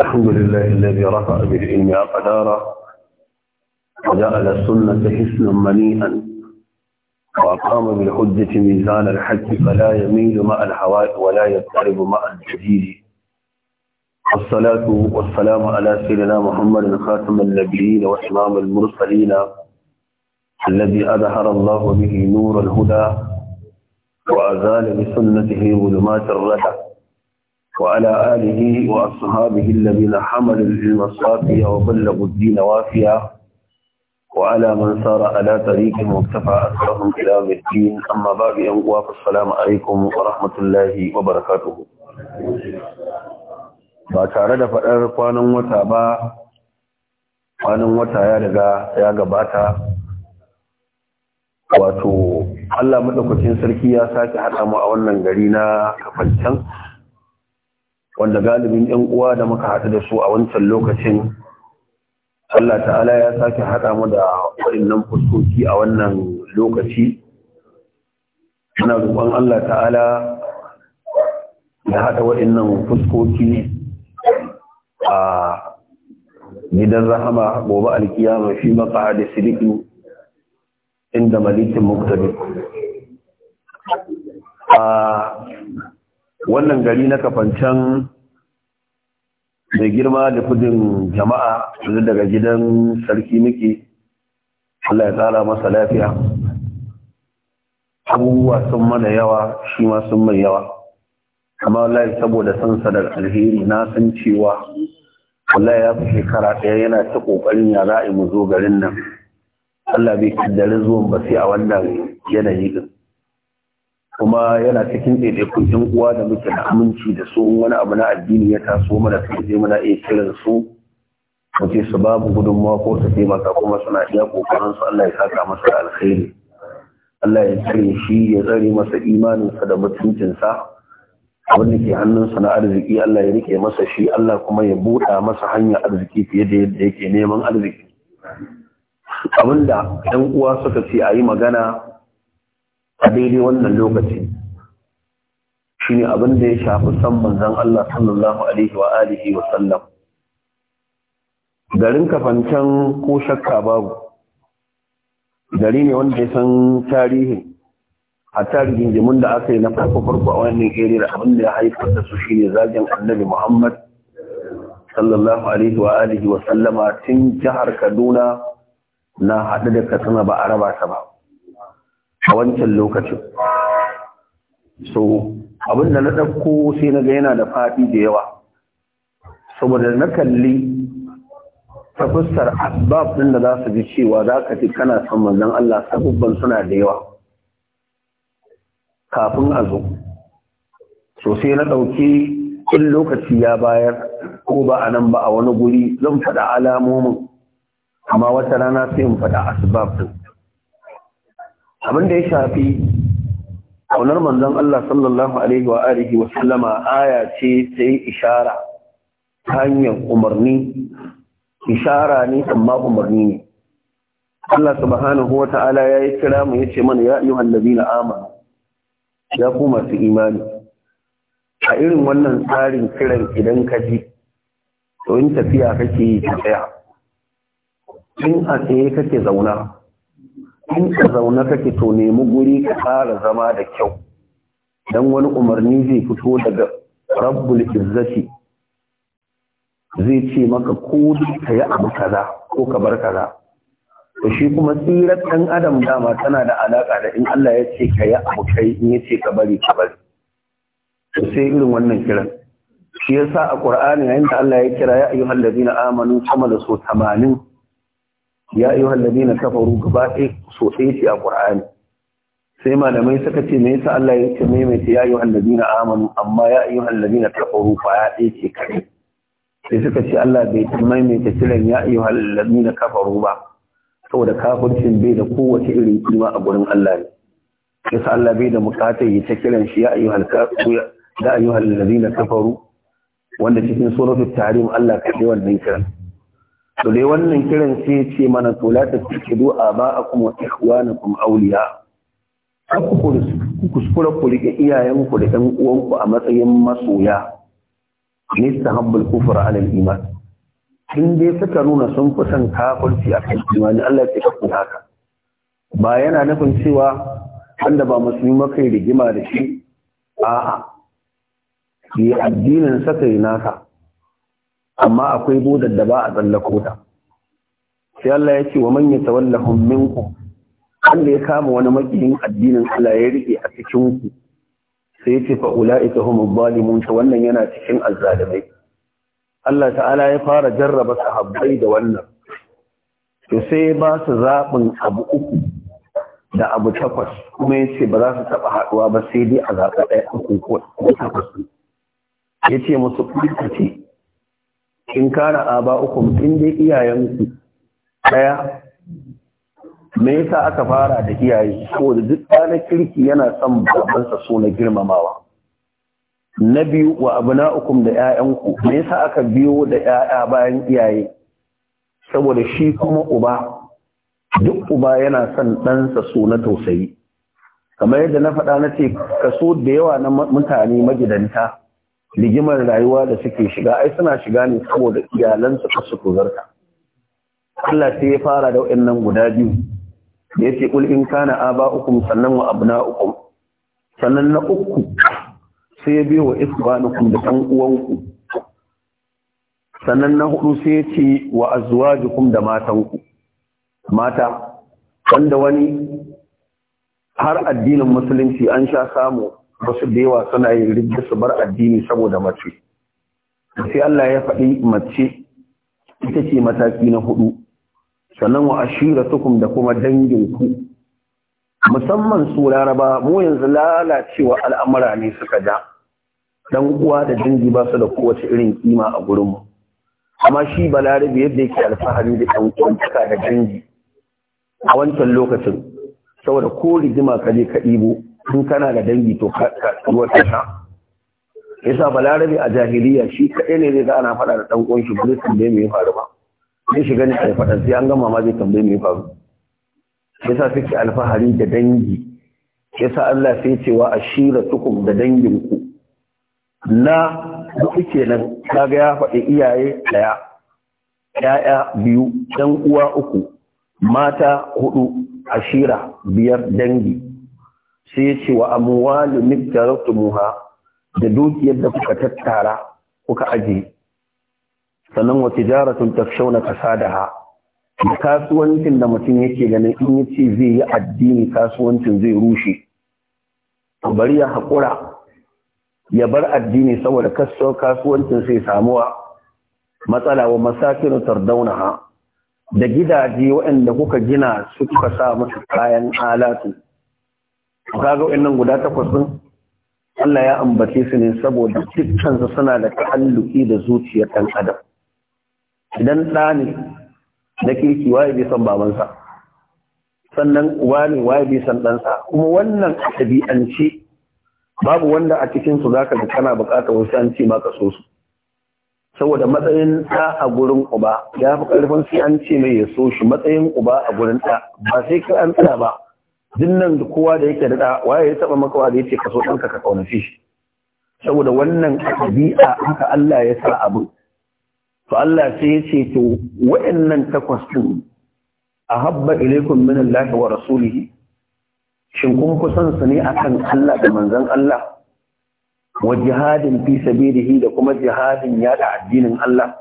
الحمد لله الذي رفع بالعلم أقدارا وجعل السنة حسنا منيئا وأقام بالحجة ميزان الحج فلا يميل مع الهواء ولا يضطرب مع الجديد والصلاة والسلام على سيدنا محمد خاتم النبيين وإمام المرسلين الذي أظهر الله به نور الهدى وأزال بسنته ظلمات الردى وعلى آله وأصحابه الذين حملوا العلم الصافية وبلغوا الدين وافيا وعلى من سار على طريق مكتفى أثرهم إلى الدين أما بعد أنقوا السلام عليكم ورحمة الله وبركاته ba tare da faɗar kwanan wata ba kwanan wata ya riga ya gabata wato Allah maɗaukacin sarki ya sake haɗa mu a wannan gari na kafancan wanda galibin ‘yan uwa da muka haɗu da su a wancan lokacin Allah ta'ala ya sake haɗa mu da waɗannan fuskoki a wannan lokaci ina roƙon Allah ta'ala ya haɗa waɗannan fuskoki a gidan rahama gobe alkiyama fi maka da siriki inda malikin muktabi a wannan gari na kafancan mai girma da kudin jama'a yanzu daga gidan sarki muke Allah ya tsara masa lafiya abubuwa sun mana yawa shi ma sun mai yawa amma wallahi saboda san sadar alheri na san cewa wallahi ya fi shekara ɗaya yana ta ƙoƙarin ya za mu zo garin nan Allah bai kaddari zuwan ba sai a wannan yanayi din kuma yana cikin ɗaiɗaikun ɗan uwa da muke da aminci da su wani abu na addini ya taso mana su je muna iya kiran su mu ce su babu gudunmawa ko su taimaka kuma suna iya kokarin su Allah ya saka masa alkhairi Allah ya tsare shi ya tsare masa imaninsa da mutuncinsa abin da ke hannunsa na arziki Allah ya rike masa shi Allah kuma ya buɗa masa hanyar arziki fiye da yadda yake neman arziki abinda ɗan uwa suka ce a yi magana a daidai wannan lokaci shi ne abin da ya shafi san manzan Allah sallallahu alaihi wa alihi wa sallam garin kafancan ko shakka babu gari ne wanda ya san tarihin a tarihin jimin da aka yi na farko farko a wannan da abin da ya haifar da su shine zagin annabi Muhammad sallallahu alaihi wa alihi wa sallama tun jihar Kaduna na haɗu da Katsina ba a raba ta ba a wancan lokacin so abin da na ɗauko sai na ga yana da faɗi da yawa saboda na kalli ta fuskar asbab ɗin da za su ji cewa za ka ji kana son manzan Allah sabubban suna da yawa kafin a zo so sai na ɗauki in lokaci ya bayar ko ba a nan ba a wani guri zan faɗa alamomin amma wata rana sai in faɗa asbab ɗin abin da ya shafi kaunar manzon Allah sallallahu alaihi wa alihi wa sallama aya ce sai ishara hanyar umarni ishara ne amma umarni ne Allah subhanahu wa ta'ala ya yi kira mu yace mana ya ayyuhal ladina amanu ya ku masu imani a irin wannan tsarin kiran idan ka ji to in tafiya kake yi ta tsaya in a tsaye kake zauna in ka zauna kake to nemi guri ka tsara zama da kyau don wani umarni zai fito daga rabbul izzati zai ce maka ko ka yi abu kaza ko ka bar kaza to shi kuma tsirar ɗan adam dama tana da alaƙa da in Allah ya ce ka yi abu kai in ya ce ka bari ka bari to sai irin wannan kiran shi yasa a Qur'ani yayin da Allah ya kira ya ayyuhal ladina amanu sama da so 80 ya ayyuhal ladina kafaru gaba ɗaya sosai ɗaya ce a qur'ani sai malamai suka ce me yasa Allah ya ce maimaita ya ayyuhal na amanu amma ya ayyuhal na kafaru fa ya ɗaya ce kai sai suka ce Allah bai ta maimaita kiran ya ayyuhal ladina kafaru ba saboda kafircin bai da kowace irin kima a gurin Allah ne yasa Allah bai da bukatar ya ta kiran shi ya ayyuhal kafaru da ayyuhal ladina kafaru wanda cikin suratul tahrim Allah ka kaɗai wannan kiran to dai wannan kiran sai ce mana to la tattakidu aba'akum wa ikhwanakum awliya ku kuskura ku rike iyayenku da ɗan uwanku a matsayin masoya ne sahabbul kufur ala iman Tun dai suka nuna sun fi son kafirci a kan imani Allah ke kafu haka ba yana nufin cewa wanda ba musulmi makai rigima da shi a'a yi addinin sakai naka amma akwai bodar da ba a tsallako ta sai Allah ya ce wa man yatawallahum minkum wanda ya kama wani makiyin addinin Allah ya rike a cikin ku sai yace fa ulaika humu zalimun to wannan yana cikin azzalimai Allah ta'ala ya fara jarraba sahabbai da wannan to sai ba su zabin abu uku da abu takwas kuma ya ce ba za su taɓa haɗuwa ba sai dai a zaɓa ɗaya uku ko takwas ya ce musu ce in kana aba ukum in dai iyayenku daya me yasa aka fara da iyaye saboda duk na kirki yana son babansa so na girmamawa na biyu wa uku da 'ya'yanku me yasa aka biyo da 'ya'ya bayan iyaye saboda shi kuma uba duk uba yana son ɗansa so na tausayi kamar yadda na faɗa na ce kaso da yawa na mutane magidanta rigimar rayuwa da suke shiga ai suna shiga ne saboda iyalansu su su kuzarta Allah sai ya fara da waɗannan guda biyu ya yace kul in kana aba'ukum sannan wa abna'ukum sannan na uku sai ya biyo wa ikhwanukum da ɗan uwanku sannan na hudu sai ya ce wa azwajukum da matanku mata wanda wani har addinin musulunci an sha samu wasu da yawa suna yin rigda su bar addini saboda mace sai Allah ya faɗi mace ita ce mataki na hudu sannan wa tukum da kuma dangin ku musamman su laraba mu yanzu lalacewa al'amura ne suka ja Ɗan uwa da dangi ba su da kowace irin kima a gurinmu amma shi balarabe yadda yake alfahari da ɗan uwantaka da dangi a wancan lokacin saboda ko rigima ka je ka ɗibo in kana da dangi to ka kasa. sha yasa balarabe a jahiliya shi kaɗai ne zai ga ana faɗa da ɗan ƙunshi ba zai tambaye mu ya faru ba zai shiga ne a faɗa sai an gama ma zai tambaye mu ya faru yasa suke alfahari da dangi yasa Allah sai cewa ashira tukum da dangin ku na duk kenan kaga ya faɗi iyaye ɗaya Yaya biyu ɗan uwa uku mata hudu ashira biyar dangi sai ya ce wa amwalu mubtarastumuha da dukiyar da kuka tattara kuka aje sannan wa tijaratun na kasadaha da kasuwancin da mutum yake ganin in ya ce zai yi addini kasuwancin zai rushe bari ya haƙura ya bar addini saboda kaso kasuwancin sai samuwa matsala wa masakin tardaunaha da gidaje waɗanda kuka gina su kuka sa musu kayan alatu kaga wannan guda takwas din Allah ya ambace su ne saboda dukkan suna da ta'alluki da zuciyar ɗan adam idan ɗa ne na kirki waye bai san babansa sannan uba ne waye bai san ɗansa kuma wannan a babu wanda a cikin su zaka ga kana buƙatar wasu an ce maka so su saboda matsayin ɗa a gurin uba ya fi karfin sai an ce mai ya so shi matsayin uba a gurin ɗa ba sai ka an tsaya ba dinnan da kowa da yake da waye ya taba maka wanda yace kaso ɗanka ka kaunace shi saboda wannan ɗabi'a haka Allah ya sa abu. to Allah sai ya ce to wayannan takwas din ahabba ilaykum min Allah wa rasulihi shin kun kusan su ne akan Allah da manzon Allah wa jihadin fi sabilihi da kuma jihadin yada addinin Allah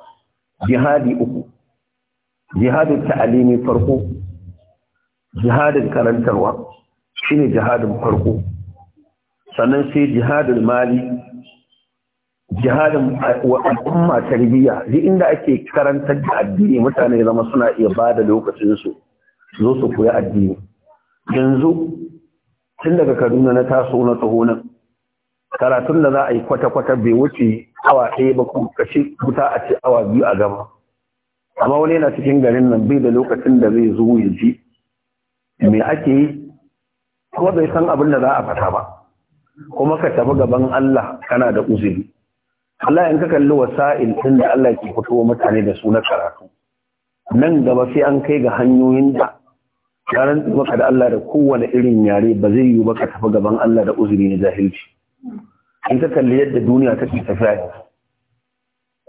jihadi uku jihadu ta'alimi farko jihadin karantarwa shine jihadin farko sannan sai jihadin mali jihadin wa al'umma tarbiyya duk inda ake karantar da addini mutane zama suna iya ba da lokacinsu su zo su koya addini yanzu tun daga kaduna na taso na taho nan karatun da za a yi kwata-kwata bai wuce awa ɗaya ba kuma kashe wuta a ce awa biyu a gaba. amma wani yana cikin garin nan bai da lokacin da zai zo ya ji me ake yi ko bai san abin da za a fata ba kuma ka tafi gaban Allah kana da uzuri Allah in ka kalli wasa'il din da Allah ke fito mutane da su na karatu nan gaba sai an kai ga hanyoyin da ranar maka da Allah da kowane irin yare ba zai yi ba ka tafi gaban Allah da uzuri ne jahilci in ka kalli yadda duniya take tafiya yanzu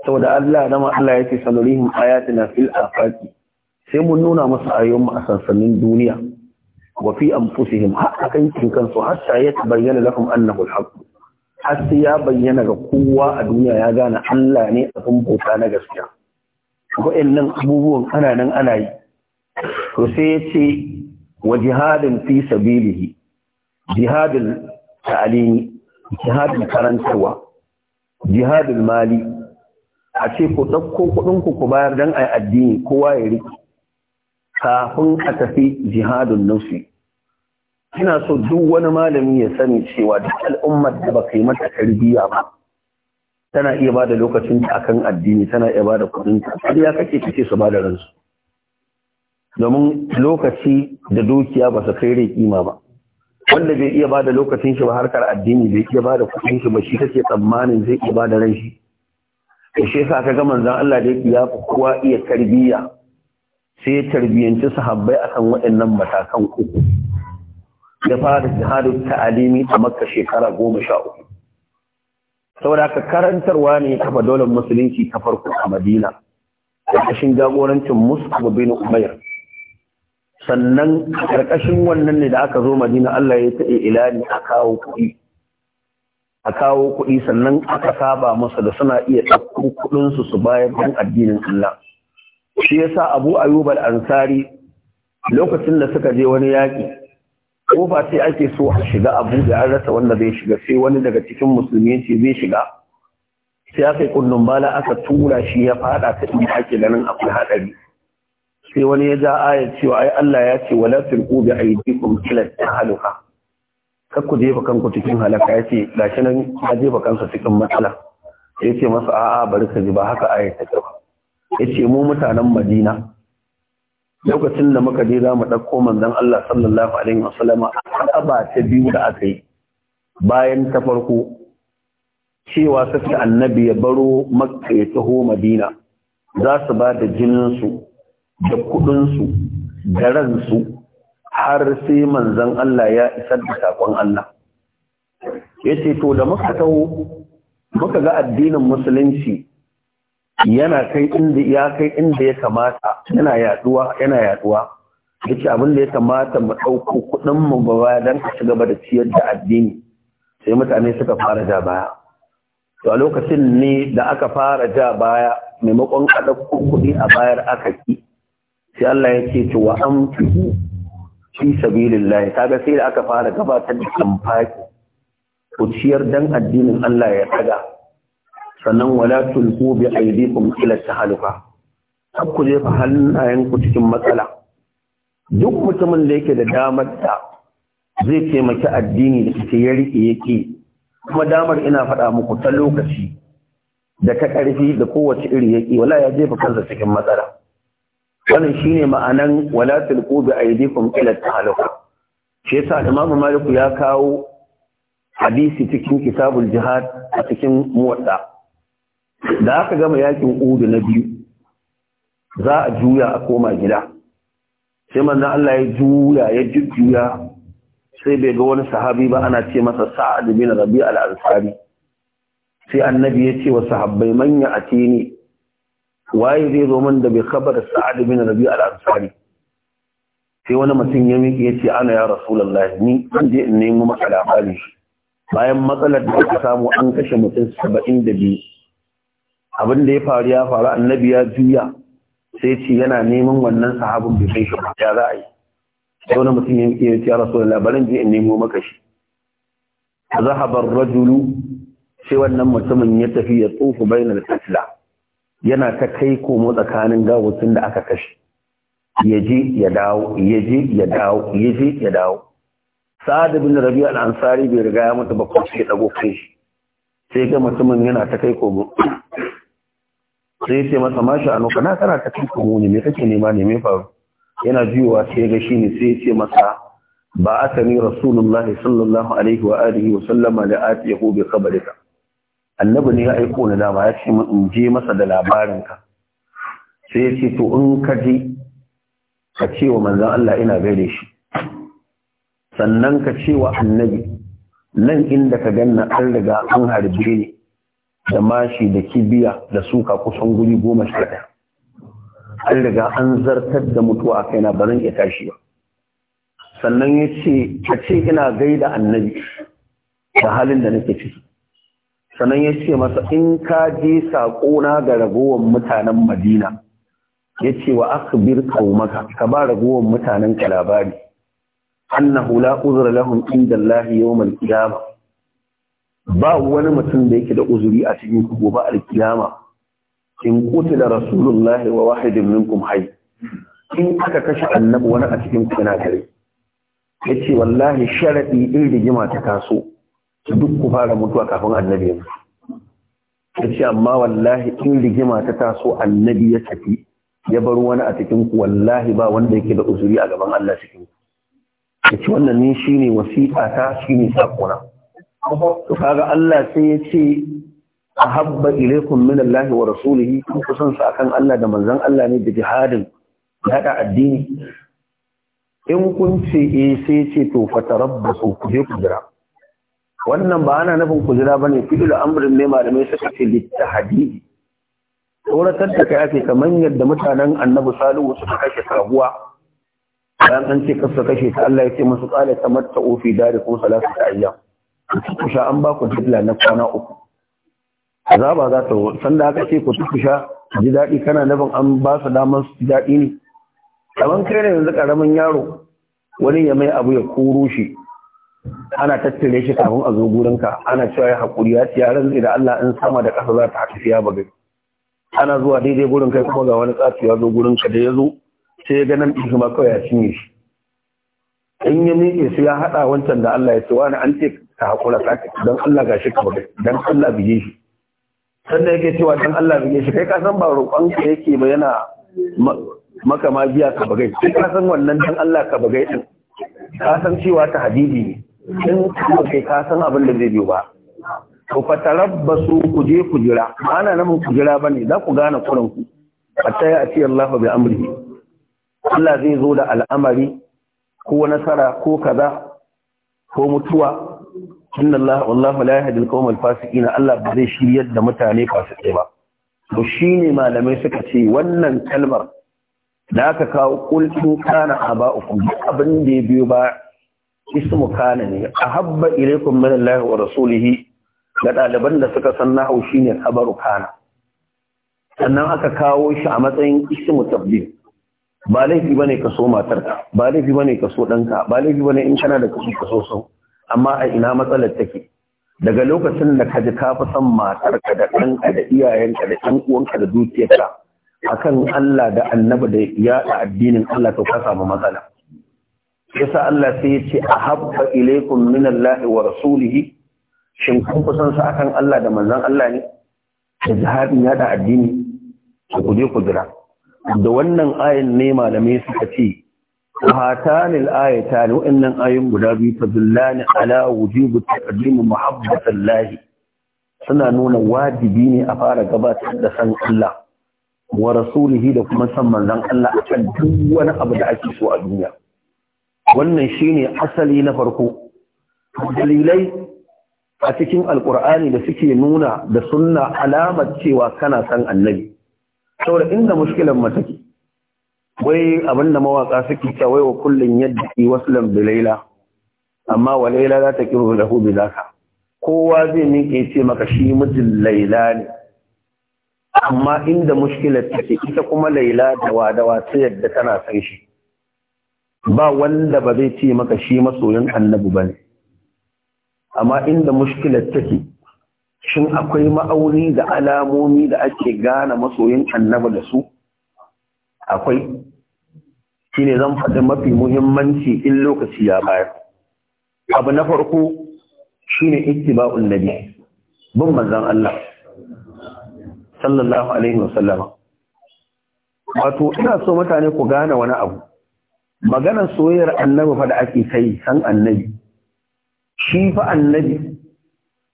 saboda Allah dama Allah yake sanarihin ayatina fil afaqi sai mun nuna musu ayoyin mu a sansanin duniya wa fi anfusihim har kansu hatta ya bayyana lahum annahu al-haq ya bayyana ga kowa a duniya ya gane Allah ne abin bauta na gaskiya waɗannan abubuwan ana nan ana yi to sai ya ce wa jihadin fi sabilihi jihadin ta'alimi jihadin karantarwa jihadin mali a ce ku ɗauko kuɗinku ku bayar don a yi addini kowa ya riƙe kafin a tafi jihadun nufi ina so duk wani malami ya sani cewa duk al'ummar da ba ka yi mata tarbiyya ba tana iya ba da lokacin ta kan addini tana iya ba da kudin ta har ya kake kake su ba da ransu domin lokaci da dukiya ba su kai rai kima ba wanda bai iya ba da lokacin shi ba harkar addini bai iya ba da kudin shi ba shi kake tsammanin zai iya ba da ran shi to shi ka ga manzon Allah da ya kowa iya tarbiyya sai ya tarbiyyanci sahabbai kan waɗannan matakan uku ya fara jihadin ta'alimi a makka shekara goma sha uku saboda ka karantarwa ne kafa daular musulunci ta farko a madina ƙarƙashin jagorancin musab bin umair sannan ƙarƙashin wannan ne da aka zo madina allah ya ta ilani a kawo kuɗi a kawo kuɗi sannan aka saba masa da suna iya ɗaukar kuɗinsu su bayar don addinin allah shi yasa abu ayyub al-ansari lokacin da suka je wani yaƙi kofa sai ake so a shiga abu da an rasa wanda zai shiga sai wani daga cikin musulmi ce zai shiga sai aka yi kullum bala aka tura shi ya fada ta inda ake ganin akwai hadari sai wani ya ja ayar cewa ai Allah ya ce wala tulqu bi aydikum ila tahaluka kar ku jefa kanku cikin halaka ce, gashi nan ya jefa kansa cikin matsala Ya ce masa a'a bari ka ji ba haka ayar ta ba ya ce mu mutanen madina lokacin da muka je za mu ɗauko manzan Allah sallallahu alaihi wasallama a ta biyu da aka yi bayan ta farko cewa suka annabi ya baro makka ya taho madina za su ba da jininsu da kuɗinsu da ransu har sai manzan Allah ya isar da saƙon Allah ya ce to da muka taho muka ga addinin musulunci yana kai inda ya kai inda ya kamata yana yaduwa yana yaduwa duk abin da ya kamata mu dauko kudin mu ba baya dan ka ci gaba da ciyar da addini sai mutane suka fara ja baya to a lokacin ne da aka fara ja baya maimakon makon dauko kudi a bayar aka ki sai Allah ya ce to wa an fi sabilillah kaga sai da aka fara gabatar da kamfaki ku ciyar dan addinin Allah ya daga sannan wala tulku bi aydikum ila tahaluka kar ku jefa ku cikin matsala duk mutumin da yake da damar da zai taimaki addini da kike ya rike yake kuma damar ina faɗa muku ta lokaci da ta ƙarfi da kowace iri yake wala ya jefa kansa cikin matsala wannan shine ma'anan wala tulku bi aydikum ila tahaluka shi yasa imamu Maliku ya kawo hadisi cikin kitabul jihad a cikin muwatta da aka gama yakin udu na biyu za a juya a koma gida sai manzan Allah ya juya ya jujjuya sai bai ga wani sahabi ba ana ce masa sa'ad bin rabi al-ansari sai annabi ya ce wa sahabbai manya a tini waye zai zo man da bai khabar sa'ad bin rabi al-ansari sai wani mutum ya miƙe ya ce ana ya rasulullahi ni an je in nemi masa labari bayan matsalar da aka samu an kashe mutum saba'in da biyu abin da ya faru ya faru annabi ya juya sai ce yana neman wannan sahabin bai kai shi ya za a yi sai wani mutum ya yi ya rasu da labarin je in nemo maka shi zahabar rajulu sai wannan mutumin ya tafi ya tsofu bainar tafila yana ta kai komo tsakanin gawutun da aka kashe ya je ya dawo ya je ya dawo ya je ya dawo sa'ad bin rabi al-ansari bai riga ya mutu ba ko sai dago kai shi sai ga mutumin yana ta kai komo sai ya ce masa mashi a nuka na kana ta kuma me kake nema ne me faru yana biyuwa sai ga shi ne sai ya ce masa ba a sani rasulullah sallallahu alaihi wa alihi wa sallama da ati yahu kabarika annabi ne ya aiko na dama ya ce in je masa da labarin ka sai ya ce to in ka je ka ce wa manzan Allah ina gaire shi sannan ka ce wa annabi nan inda ka ganna an riga an harbe ni da mashi da kibiya da suka kusan guri goma sha ɗaya an riga an zartar da mutuwa a kaina ba zan iya tashi ba sannan ya ce a ce ina gaida annabi da halin da nake ciki sannan ya ce masa in ka je saƙona ga ragowar mutanen madina ya ce wa aka bir kaumaka ka ba ragowar mutanen ka labari annahu la uzra lahum inda Allah yawm qiyamah ba wani mutum da yake da uzuri a cikin ku gobe alkiyama in da rasulullahi wa wahidin minkum hayy in aka kashe annabi wani a cikin ku yana kare yace wallahi sharadi in rigima ta taso duk ku fara mutuwa kafin annabi ya mutu yace amma wallahi in rigima ta taso annabi ya tafi ya bar wani a cikin ku wallahi ba wanda yake da uzuri a gaban Allah cikin ku yace wannan ni shine wasiƙa ta shine sakona to kaga Allah sai ya ce a ahabba ilaykum min Allah wa rasulihi kun kusan sa akan Allah da manzan Allah ne da jihadin hada addini in kun ce eh sai ce to fatarabbasu ku je ku jira wannan ba ana nufin ku jira bane fi'il amrin ne malamai suka ce littahadi tsoratar da kai ake kamar yadda mutanen annabi salihu suka kashe sabuwa bayan an ce kasa kashe ta Allah ya ce masu musu ofi dare ko salasa ta ayyam kusa an ba ku jibla na kwana uku azaba za ta sanda aka ce ku tukusha ji daɗi kana nufin an ba su damar su daɗi ne kamar kai ne yanzu karamin yaro wani ya mai abu ya koro shi ana tattare shi kafin a zo gurinka ana cewa ya haƙuri ya ciya ran da Allah in sama da ƙasa za ta haƙi ya bagai ana zuwa daidai gurin kai kuma ga wani tsafi ya zo gurinka da ya zo sai ya ganin ɗin ma kawai ya cinye shi in ya miƙe su ya haɗa wancan da Allah ya ce wani an ce ka hakura sake don Allah gashi ka bari don Allah biye shi sannan yake cewa don Allah biye shi kai ka san ba roƙon ka yake ba yana maka ma biya ka bagai kai ka san wannan don Allah ka bagai din ka san cewa ta habibi ne in ka kai ka san abin da zai biyo ba to fa tarabbasu ku je ku jira ana nan ku jira bane za ku gane kurin ku hatta ya ati Allah bi amri Allah zai zo da al'amari ko nasara ko kaza ko mutuwa inna Allah wallahu la yahdi al Allah ba zai shiryar da mutane fasikai ba to shine malamai suka ce wannan kalmar da aka kawo qul in kana aba'ukum abin da ya biyo ba ismu kana ne ahabba ilaykum min Allah wa rasulihi ga ɗaliban da suka san nahu shine khabaru kana sannan aka kawo shi a matsayin ismu tabdil ba laifi bane ka so matarka ba laifi bane ka so danka ba laifi bane in kana da kashi ka so amma a ina matsalar take daga lokacin da ka ji ka fi son matarka da ɗanka da iyayenka da ɗan uwanka da dukiyarka akan Allah da annabi da yaɗa addinin Allah to ka samu matsala yasa Allah sai ya ce ahabba ilaykum min Allah wa rasulihi shin kun kusan sa akan Allah da manzon Allah ne da jihadin yaɗa addini ku je ku jira da wannan ayin ne malamai suka ce هاتان الآيتان وإن آيين قدابي فدلان على وجوب التقديم محبة الله سنة نون واجبين أفار قبات لسان الله ورسوله لكم سمى لن الله أكد دون أبدا سوى الدنيا wannan shine asali na farko dalilai a cikin alkur'ani da suke nuna da sunna alamar cewa kana san annabi saboda inda mushkilan mataki wai abinda mawaƙa suke cewa wai wa kullun yadda ke waslan bilaila amma wa laila za ta da hubi za ka. kowa zai miƙe ce maka shi mijin laila ne amma inda mushkilar ke ita kuma laila dawa dawa ta yadda tana san shi ba wanda ba zai ce maka shi masoyin annabi ba ne amma inda mushkilar ke, shin akwai ma'auni da alamomi da ake gane masoyin annabi da su akwai ne zan faɗi mafi muhimmanci in lokaci ya bayar abu na farko shi shine ittiba'un nabi bin manzan Allah sallallahu alaihi wasallama wato ina so mutane ku gane wani abu maganar soyayyar annabi fa da ake kai san annabi shi fa annabi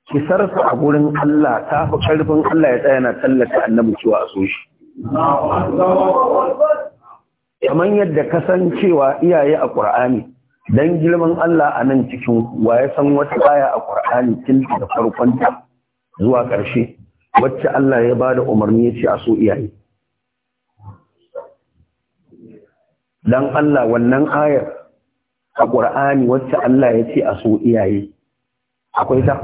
Kisarsa a gurin Allah ta fi karfin Allah ya tsaya na tallata annabi cewa a so shi kamar yadda kasancewa iyaye a ƙur'ani don girman Allah a nan cikin wa ya san wata aya a ƙur'ani tun da farkon ta zuwa ƙarshe wacce Allah ya bada umarni ya ce a so iyaye dan Allah wannan ayar a ƙur'ani wacce Allah ya ce a so iyaye akwai ta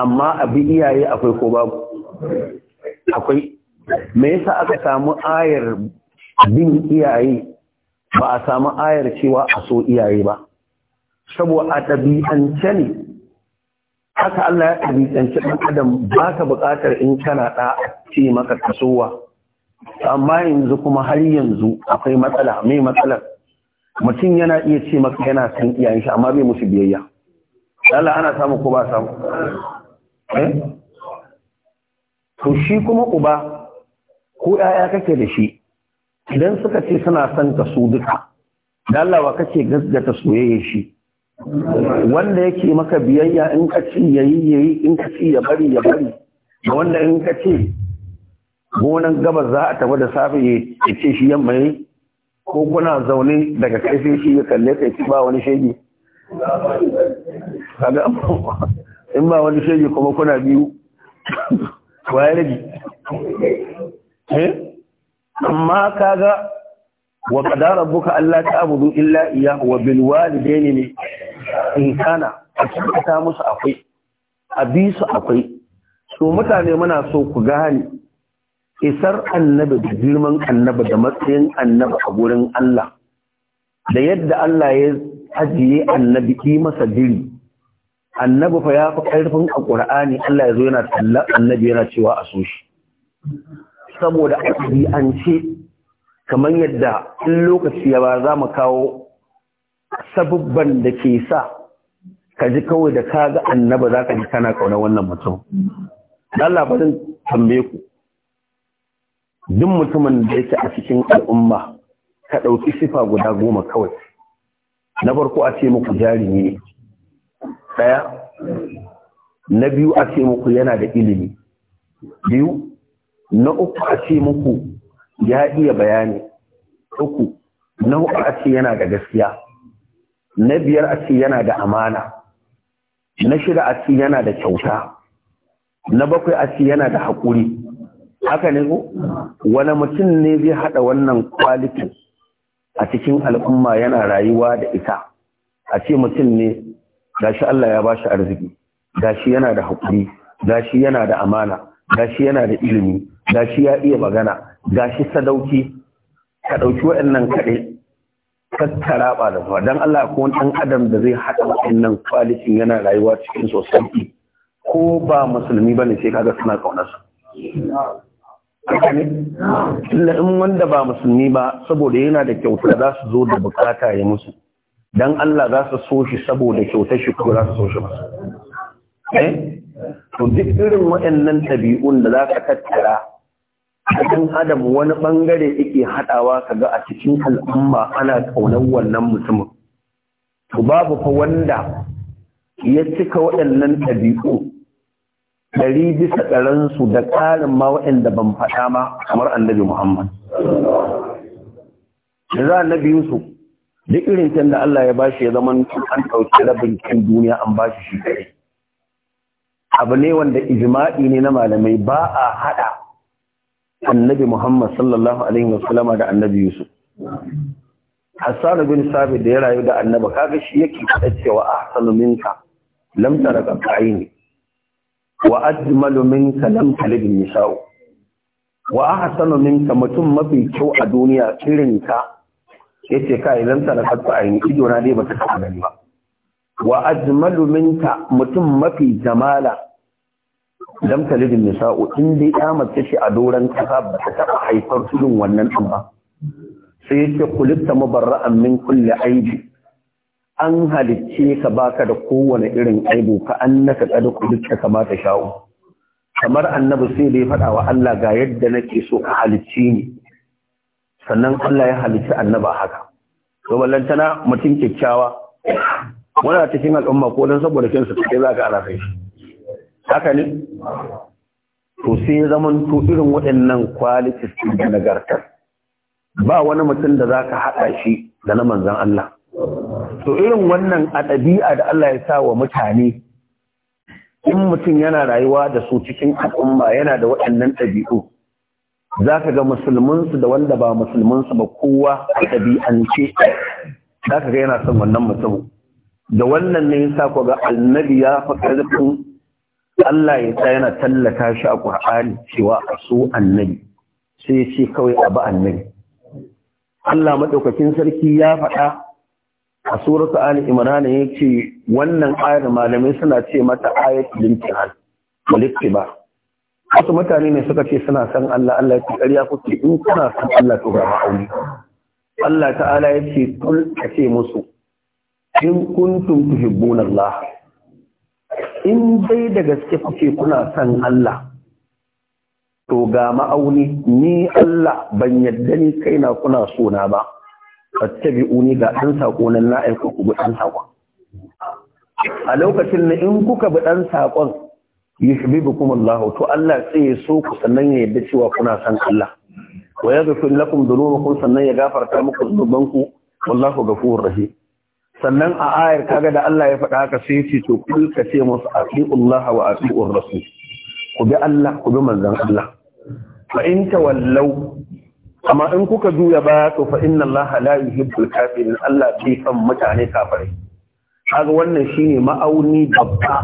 amma abi iyaye akwai ko babu akwai me yasa aka samu ayar bin iyaye ba a samu ayar cewa a so iyaye ba sabo a ɗabi'ance ne haka Allah ya ɗabi'ance ɗan adam ba ka buƙatar in kana ɗa ce maka kasowa amma yanzu kuma har yanzu akwai matsala mai matsalar mutum yana iya ce maka yana san iyayen shi amma bai musu biyayya Allah ana samu ko ba samu eh? to shi kuma uba ko 'ya'ya kake da shi idan suka ce suna son ka su duka da Allah wa kake gasgata soyayya shi wanda yake maka biyayya in ka ci yayi yayi in ka ci ya bari ya bari wanda in ka ce gonan gabas za a tafi da safe ya ce shi yamma yi ko kuna zaune daga kaife shi ya kalle ka ci ba wani shege kaga in ba wani shege kuma kuna biyu waye rage eh amma kaga wa buka Allah ta ta'budu illa iya wa bil walidaini ne in kana a ta musu akwai a su akwai so mutane muna so ku gane isar annabi da girman annabi da matsayin annabi a gurin Allah da yadda Allah ya ajiye annabi ki masa diri annabi fa ya fi ƙarfin a ƙur'ani Allah ya zo yana talla annabi yana cewa a so shi saboda a ce kamar yadda in lokaci ya ba za mu kawo sabubban da ke sa ka ji kawai da ka ga annaba za ka ji kana ƙauna wannan mutum dan labarin tambaye ku duk mutumin da yake a cikin al'umma ka ɗauki sifa guda goma kawai na farko a ce muku jarumi ne ɗaya na biyu a ce muku yana da ilimi biyu na uku a ce muku ya iya bayani uku na uku a ce yana da gaskiya na biyar a ce yana da amana na shida a ce yana da kyauta na bakwai a ce yana da haƙuri haka ne ko wani mutum ne zai haɗa wannan kwalitin a cikin al'umma yana rayuwa da ita a ce mutum ne gashi Allah ya bashi arziki gashi yana da haƙuri gashi yana da amana gashi yana da ilimi gashi ya iya magana gashi sadauki ka ɗauki waɗannan kaɗai tattara ba da fa don Allah ko ɗan adam da zai haɗa waɗannan kwalitin yana rayuwa cikin sosai ko ba musulmi ba ne sai kaga suna ƙaunarsa. su. in wanda ba musulmi ba saboda yana da kyauta za su zo da bukata ya musu. Dan Allah za su so shi saboda kyautar shi ko za su so shi ba. Eh? To duk irin waɗannan ɗabi'un da za ka tattara ɗan adam wani ɓangare yake haɗawa kaga a cikin al'umma ana ƙaunar wannan mutumin to babu fa wanda ya cika waɗannan ɗabi'u ɗari bisa ɗaransu da ƙarin ma waɗanda ban faɗa ma kamar annabi muhammad da za annabi yusuf duk irin can da Allah ya bashi ya zama an ɗauki rabin kan duniya an bashi shi kaɗai abu ne wanda ijma'i ne na malamai ba a haɗa annabi Muhammad sallallahu alaihi wasallama da annabi Yusuf Hassan bin Sabit da ya rayu da annaba kaga shi yake fada cewa ahsanu minka lam taraka qaini wa ajmalu minka lam talib nisa'u wa ahsanu minka mutum mafi kyau a duniya irin ka yace kai lam taraka qaini ido na dai bata ka gani ba wa ajmalu minka mutum mafi jamala dan talibin nisa'u in dai ya mace shi a doran kasa ba ta taba haifar tudun wannan din ba sai yake kulitta mubarra'an min kulli aibi an halicce ka baka da kowane irin aibu ka annaka qad kulitta kama ta sha'u kamar annabi sai dai faɗawa wa Allah ga yadda nake so ka halicce ni sannan Allah ya halicci annaba haka to wallantana mutum kyakkyawa wannan cikin al'umma ko dan saboda kansa take zaka ana shi haka ne to sai ya zama to irin waɗannan kwalitis din da nagartar ba wani mutum da za ka haɗa shi da na manzan Allah to irin wannan a ɗabi'a da Allah ya sa wa mutane in mutum yana rayuwa da su cikin al'umma yana da waɗannan ɗabi'u za ka ga musulmansu da wanda ba musulmansu ba kowa a ɗabi'ance za ka ga yana son wannan mutum da wannan ne ya sa ga annabi ya fi ƙarfin Allah ya sa yana tallata shi a ƙur'ani cewa a so annabi sai ce kawai abu annabi Allah maɗaukakin sarki ya faɗa a suratu Ali Imran ce wannan ayar malamai suna ce mata ayatul imtihan ba. wasu mutane ne suka ce suna san Allah Allah ya ce ƙarya kuke in kuna san Allah to ba aure. Allah ta'ala ya ce kul ka ce musu in kuntum tuhibbuna Allah in dai da gaske kuke kuna son Allah to ga ma'auni ni Allah ban yadda ni kaina kuna sona ba uni ga ɗan saƙo nan na aika ku ɗan saƙon a lokacin na in kuka bi ɗan saƙon yuhibbukum Allah to Allah sai ya so ku sannan ya yadda cewa kuna son Allah wa yaghfir lakum kun sannan ya gafarta muku dhunubanku wallahu ghafurur rahim sannan a ayar kaga da Allah ya faɗa haka sai ce to kul ka ce musu atiullaha wa atiur rasul ku bi Allah ku bi manzon Allah fa in amma in kuka juya ba to fa inna Allah la yuhibbul kafirin Allah bai san mutane kafirai kaga wannan shine ma'auni babba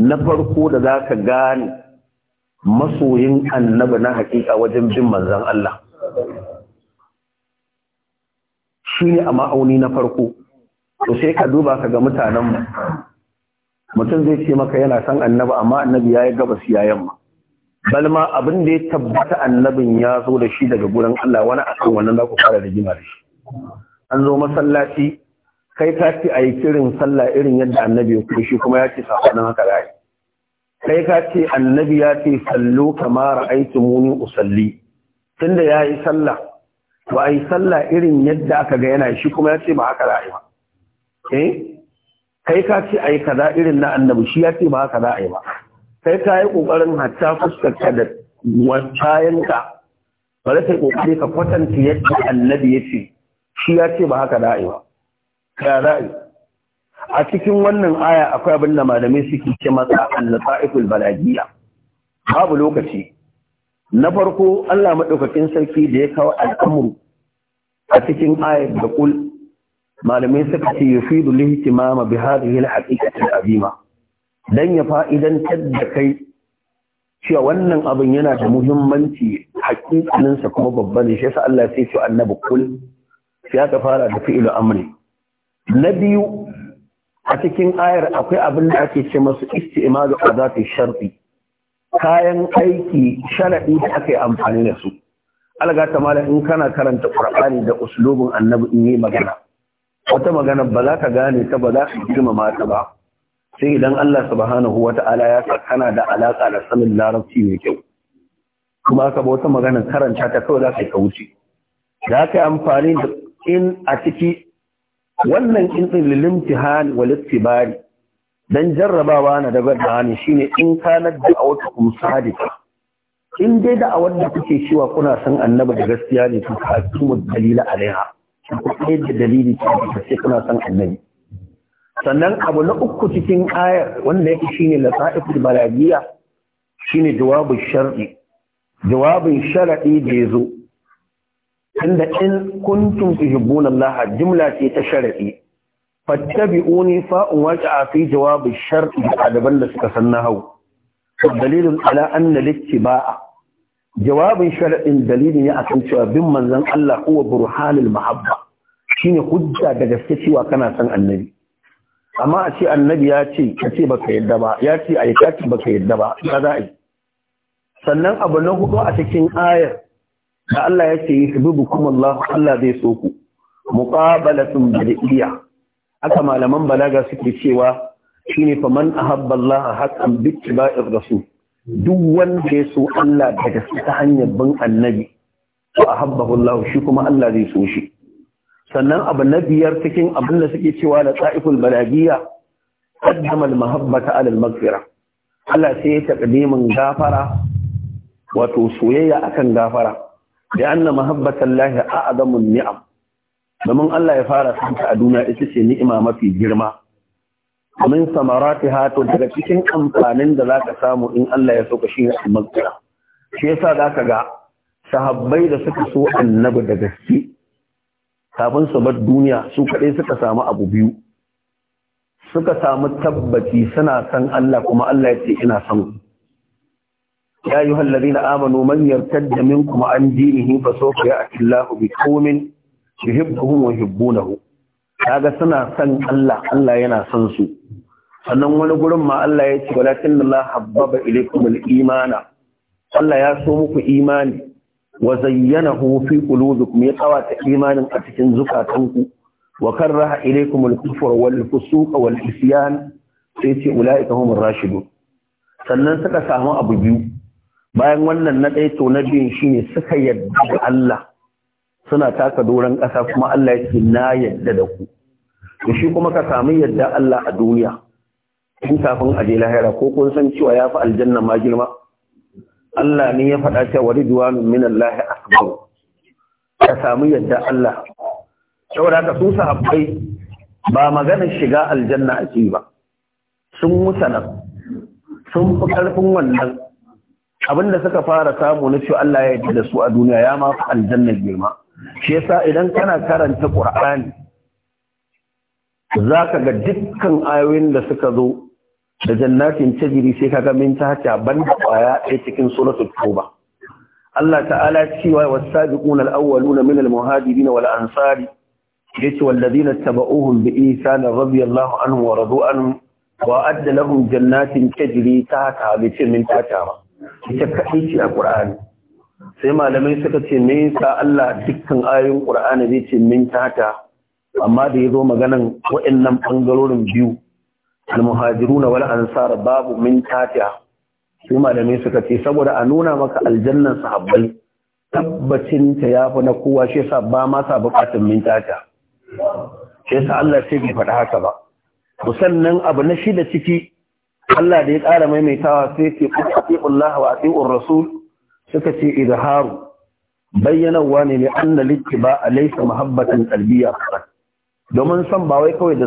na farko da zaka gane masoyin annabi na hakika wajen bin manzon Allah shine a ma'auni na farko to sai ka duba ka ga mutanen mu mutum zai ce maka yana san annabi amma annabi ya yi gabas ya yamma bal ma abin da ya tabbata annabin ya zo da shi daga gurin Allah wani a kan wannan za ku fara da jima da shi an zo masallaci kai ka ce a yi kirin sallah irin yadda annabi ya kuma shi kuma ya ce safanin haka da kai ka ce annabi ya ce sallo kamar aiki muni usalli tunda ya yi sallah wa a yi sallah irin yadda aka ga yana shi kuma ya ce ba haka ra'ayi ba eh kai ka ce ai kaza irin na annabi shi ya ce ba haka za a yi ba kai ka yi kokarin hatta fuskarka da ka bari sai kokari ka kwatanta yadda annabi ya ce shi ya ce ba haka za a yi ba ya za a yi a cikin wannan aya akwai abin da malamai suke ce masa annasa'ikul balagiya babu lokaci na farko Allah madaukakin sarki da ya kawo al'amuru a cikin ayat da kul malamai suka ce yufidu lihtimama bi hadhihi al-haqiqati al-azima dan ya fa'idan da kai cewa wannan abin yana da muhimmanci haƙiƙanin kuma babban ne shi yasa Allah sai ce annabi kul ya ka fara da fi'lu amri na biyu a cikin ayar akwai abin da ake ce masu a azati sharfi. kayan aiki sharaɗi da aka yi amfani da su alga ta in kana karanta ƙur'ani da uslubin annabi in yi magana wata magana ba za ka gane ta ba za ka girmama ta ba sai idan Allah subhanahu wata'ala ya sa kana da alaka da sanin larabci mai kyau kuma ka ba wata magana karanta ta kawai za ka yi ka wuce za ka yi amfani da in a ciki wannan in din wa wal bari dan jarrabawa na daga da shine in kanar da autakum sadiqa in dai da a da kuke cewa kuna san annaba da gaskiya ne to ka dalila alaiha akwai da dalili ta sai kuna son annabi sannan abu na uku cikin ayar wanda yake shine lasa'iful balagiya shine jawabin shar'i jawabin shar'i da yazo inda in kuntum tuhibbuna Allah jumla ce ta shar'i fattabi'uni fa'un waqi'a fi jawabin shar'i da daban da suka san nahwu dalilun ala anna littiba'a jawabin sharaɗin dalili ne akan cewa bin manzon Allah huwa burhanul mahabba shine hujja da gaske cewa kana san annabi amma a ce annabi ya ce ka ce baka yadda ba ya ce a yi kaci baka yadda ba ya za a yi sannan abu na hudu a cikin ayar da Allah ya ce yuhibbu kuma Allah Allah zai so ku muqabalatun bid'iyya aka malaman balaga suke cewa shine faman ahabba Allah haqqan bi ittiba'ir rasul duk wanda ya so Allah daga ta hanyar bin annabi to ahabbahu Allah shi kuma Allah zai so shi sannan abu na biyar cikin abin da suke cewa da tsa'iful balagiya qaddama al-mahabbata ala al-maghfira Allah sai ya taqdimin gafara wato soyayya akan gafara da anna mahabbatallahi a'zamun ni'am domin Allah ya fara santa a duniya ita ce ni'ima mafi girma min samarati hato daga cikin amfanin da za ka samu in Allah ya so ka shi magana shi yasa ka ga sahabbai da suka so annabi da gaske kafin su bar duniya su kaɗai suka samu abu biyu suka samu tabbaci suna san Allah kuma Allah ya ce ina san يا أيها الذين آمنوا من يرتد منكم عن دينه فسوف يأتي الله بقوم يحبهم hu. kaga suna son Allah Allah yana son su sannan wani gurin ma Allah ya ce walakin Allah habbaba ilaykum al-imana Allah ya so muku imani wa zayyanahu fi qulubikum ya tsawata imanin a cikin zukatanku wa karraha ilaykum al-kufra wal fusuqa wal isyan sai ce ulaika humur rashidun sannan suka samu abu biyu bayan wannan na ɗaya to na biyun shine suka yarda ga Allah suna taka doron ƙasa kuma Allah ya ce na yadda da ku da shi kuma ka sami yadda Allah a duniya in kafin a je lahira ko kun san cewa ya fi aljanna ma girma Allah ne ya faɗa cewa duwa min Allah akbar ka sami yadda Allah saboda ka su sahabbai ba maganin shiga aljanna ake ba sun musana sun fi ƙarfin wannan Abin da suka fara samu na cewa Allah ya yarda da su a duniya ya ma fi aljanna girma shi yasa idan kana karanta ƙur'ani za ka ga dukkan ayoyin da suka zo da jannatin tajiri sai ka ga min ta hata banda ƙwaya ɗaya cikin suratul toba Allah ta'ala cewa was-sabiqun al-awwalun min al-muhajirin wal ansari yace walladhina tabauhum bi ihsan radiyallahu anhum wa radu anhum wa adda lahum jannatin tajri tahta bi min tahta ita kai ce a Qur'ani sai malamai suka ce me yasa Allah dukkan ayoyin Qur'ani zai ce min tata amma da yazo maganan waɗannan bangarorin biyu al-muhajiruna wal ansar babu min tata sai malamai suka ce saboda a nuna maka aljannan sahabbai tabbacin ta yafi na kowa shi yasa ba ma sa bukatun min tata shi yasa Allah sai bai faɗa haka ba musannan abu na shida ciki Allah da ya ƙara maimaitawa sai ce ku Allah wa atiur rasul suka ce izharu bayyanawa ne li anna littiba alaysa muhabbatan qalbiyya domin san ba wai kawai da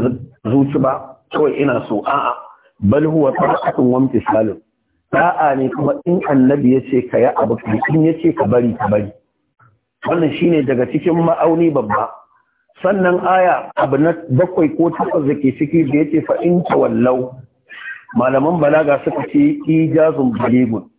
zuci ba kawai ina so a'a bal huwa ta'atun wa imtisalun da'a ne kuma in annabi ya ce ka ya abu in yace ka bari ka bari wannan shine daga cikin ma'auni babba sannan aya abu na bakwai ko takwas da ke ciki da yace ce fa in tawallau malaman balaga suka ce ijazun balighun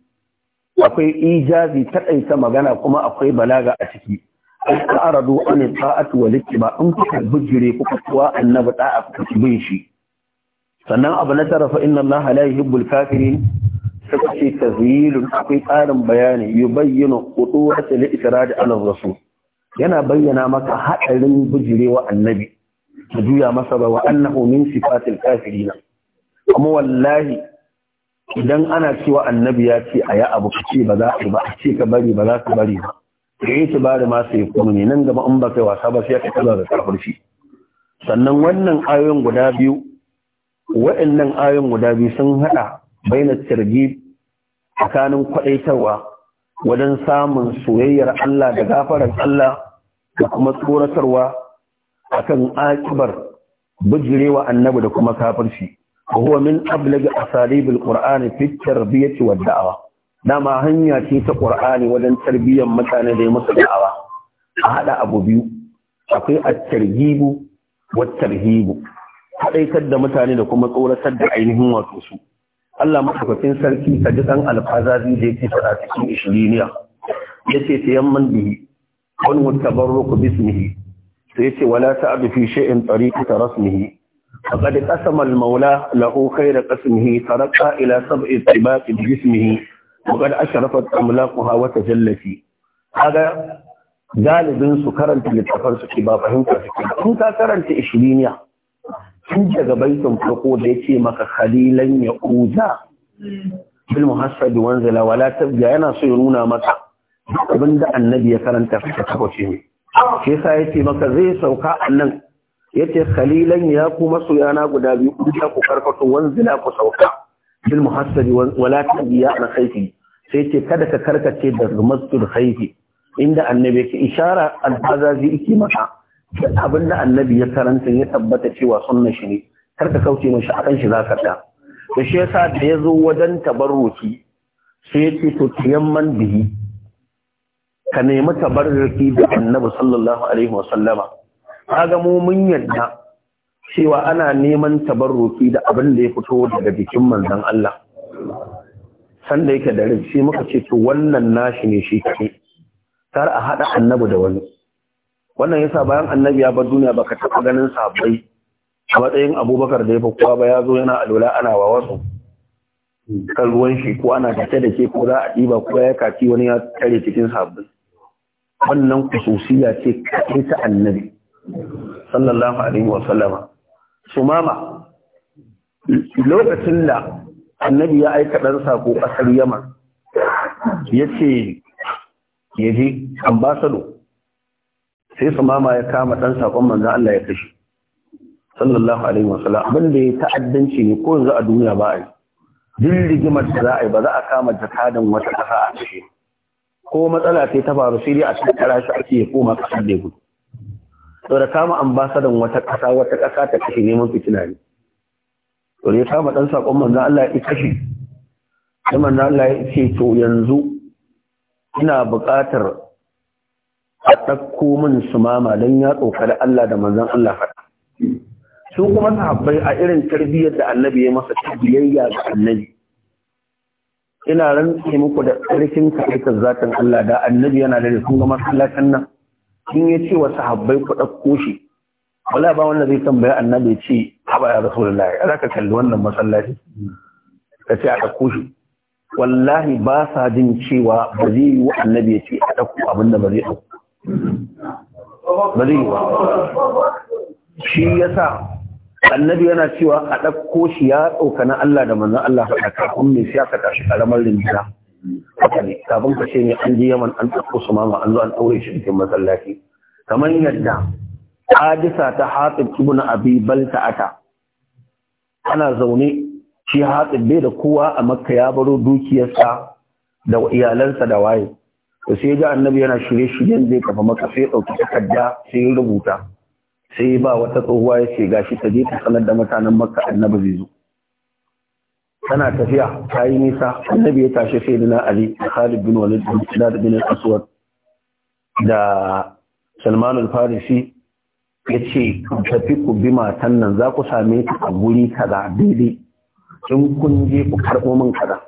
akwai ijazi taƙaita magana kuma akwai balaga a ciki an ta'aradu an ta'atu wa ba in kuka bujire kuka kuwa annabi da'a kuka bin shi sannan abu na tara fa inna allaha la yuhibbul kafirin suka ce tazyilun akwai ƙarin bayani yubayyinu bayyana al-israd ala rasul yana bayyana maka hadarin wa annabi ka juya masa ba wa annahu min sifatil kafirina amma wallahi idan ana cewa annabi ya ce a yi abu ka ce ba za a yi ba a ce ka bari ba za su bari ba ka yi su bari ma sai kuma ne nan gaba in ba kai wasa ba sai ka kaza da kafirci sannan wannan ayoyin guda biyu wa'annan ayoyin guda biyu sun haɗa baina tarji tsakanin kwaɗaitarwa wajen samun soyayyar Allah da gafarar Allah da kuma tsoratarwa akan akibar bijirewa annabi da kuma kafirci وهو من أبلغ أساليب القرآن في التربية والدعوة دما هنيا تيت قرآن ودن تربية مكان دي مصر دعوة هذا أبو بيو أقي الترهيب والترهيب هذا da متاني tsoratar da ainihin عينهم وتوسو Allah madaukakin sarki ta ji dan alfazazi da yake fada cikin ishiriniya yace tayamman bihi wal ku bismihi sai yace wala ta'du fi shay'in tariqata rasmihi فقد قسم المولى له خير قسمه ترقى إلى سبع اتباق بجسمه وقد أشرفت أملاقها وتجلتي هذا galibin su karanta littafan suke ba fahimta suke kun ka karanta ishiriniya tun daga baitin farko da yake maka khalilan ya uza bil muhassab wanzala wala tabja yana so ya nuna maka abinda annabi ya karanta ka ta kwace ne shi yasa yace maka zai sauka annan yace khalilan ya kuma masoyana guda biyu ku ya ku karkato wanzila ku sauka bil muhassabi wala tabiya na khaifi sai yace kada ka karkace da masjid haifi. inda annabi yake ishara alfazazi yake maka abinda annabi ya karanta ya tabbata cewa sunna shi ne karka kauce mashi akan shi zaka da da shi yasa da yazo wajen tabarruki sai yace to tiyamman bihi ka nemi tabarruki da annabi sallallahu alaihi sallama. kaga mu mun yadda cewa ana neman tabarruki da abin da ya fito daga jikin manzon Allah sanda yake da rin shi muka ce to wannan nashi ne shi kake kar a haɗa annabi da wani wannan yasa bayan annabi ya bar duniya baka taɓa ganin sabai a matsayin abubakar da ya fi kowa ba ya zo yana alwala ana wa wasu kan ruwan shi ko ana tafe da ke ko za a ɗiba ko ya kaci wani ya tare cikin sabbin wannan kususiya ce kake ta annabi sallallahu alaihi wa sallama mama. lokacin da annabi ya aika ɗan sako ƙasar yaman ya ce ya je ambasado sai su mama ya kama ɗan sakon manzan Allah ya kashe sallallahu alaihi wasallam abin da ya ta'addanci ne ko yanzu a duniya ba a yi duk rigimar da za a yi ba za a kama jakadan wata ƙasa a kashe ko matsala sai ta faru sai dai a cikin karashi ake ya koma ƙasar da ya gudu to kama ambasadan wata ƙasa wata ƙasa ta kashe neman fitina ne to ne kama dan sakon manzan Allah ya kashe sai Allah ya ce to yanzu ina buƙatar a ɗakko min sumama don ya da Allah da manzon Allah faɗa su kuma sahabbai a irin tarbiyyar da annabi ya masa tarbiyayya ga annabi ina rantse muku da ƙarfin ka aika zatin Allah da annabi yana da kun ga masallacin nan in ya ce wa sahabbai ku ɗauko wala ba wanda zai tambaya annabi ce haba ya rasulullahi za ka kalli wannan masallaci ka ce a ɗauko shi wallahi ba sa jin cewa ba zai yi wa annabi ya ce a ɗauko abin da ba zai ɗauko ba zai yi ba shi ya sa annabi yana cewa a ɗauko shi ya ɗauka na Allah da manzon Allah faɗa kafin mai siyasa shi ƙaramar rinjina ne kafin ka ce ne an ji yaman an ɗauko su mama an zo an ɗaure shi cikin masallaci kamar yadda hadisa ta hatsin ibn abi aka ana zaune shi hatsin bai da kowa a makka ya baro dukiyarsa da iyalansa da waye to sai ga annabi yana shirye-shiryen zai kafa maka sai ya ɗauki takarda sai ya rubuta sai ba wata tsohuwa ya ce gashi ta je ta sanar da mutanen makka annabi zai zo tana tafiya ta yi nisa annabi ya tashi sai dina ali da khalid bin walid bin kilad bin aswad da salman al-farisi ya ce tafi ku bi matan nan za ku same ta a guri kaza daidai in kun je ku karɓo min kaza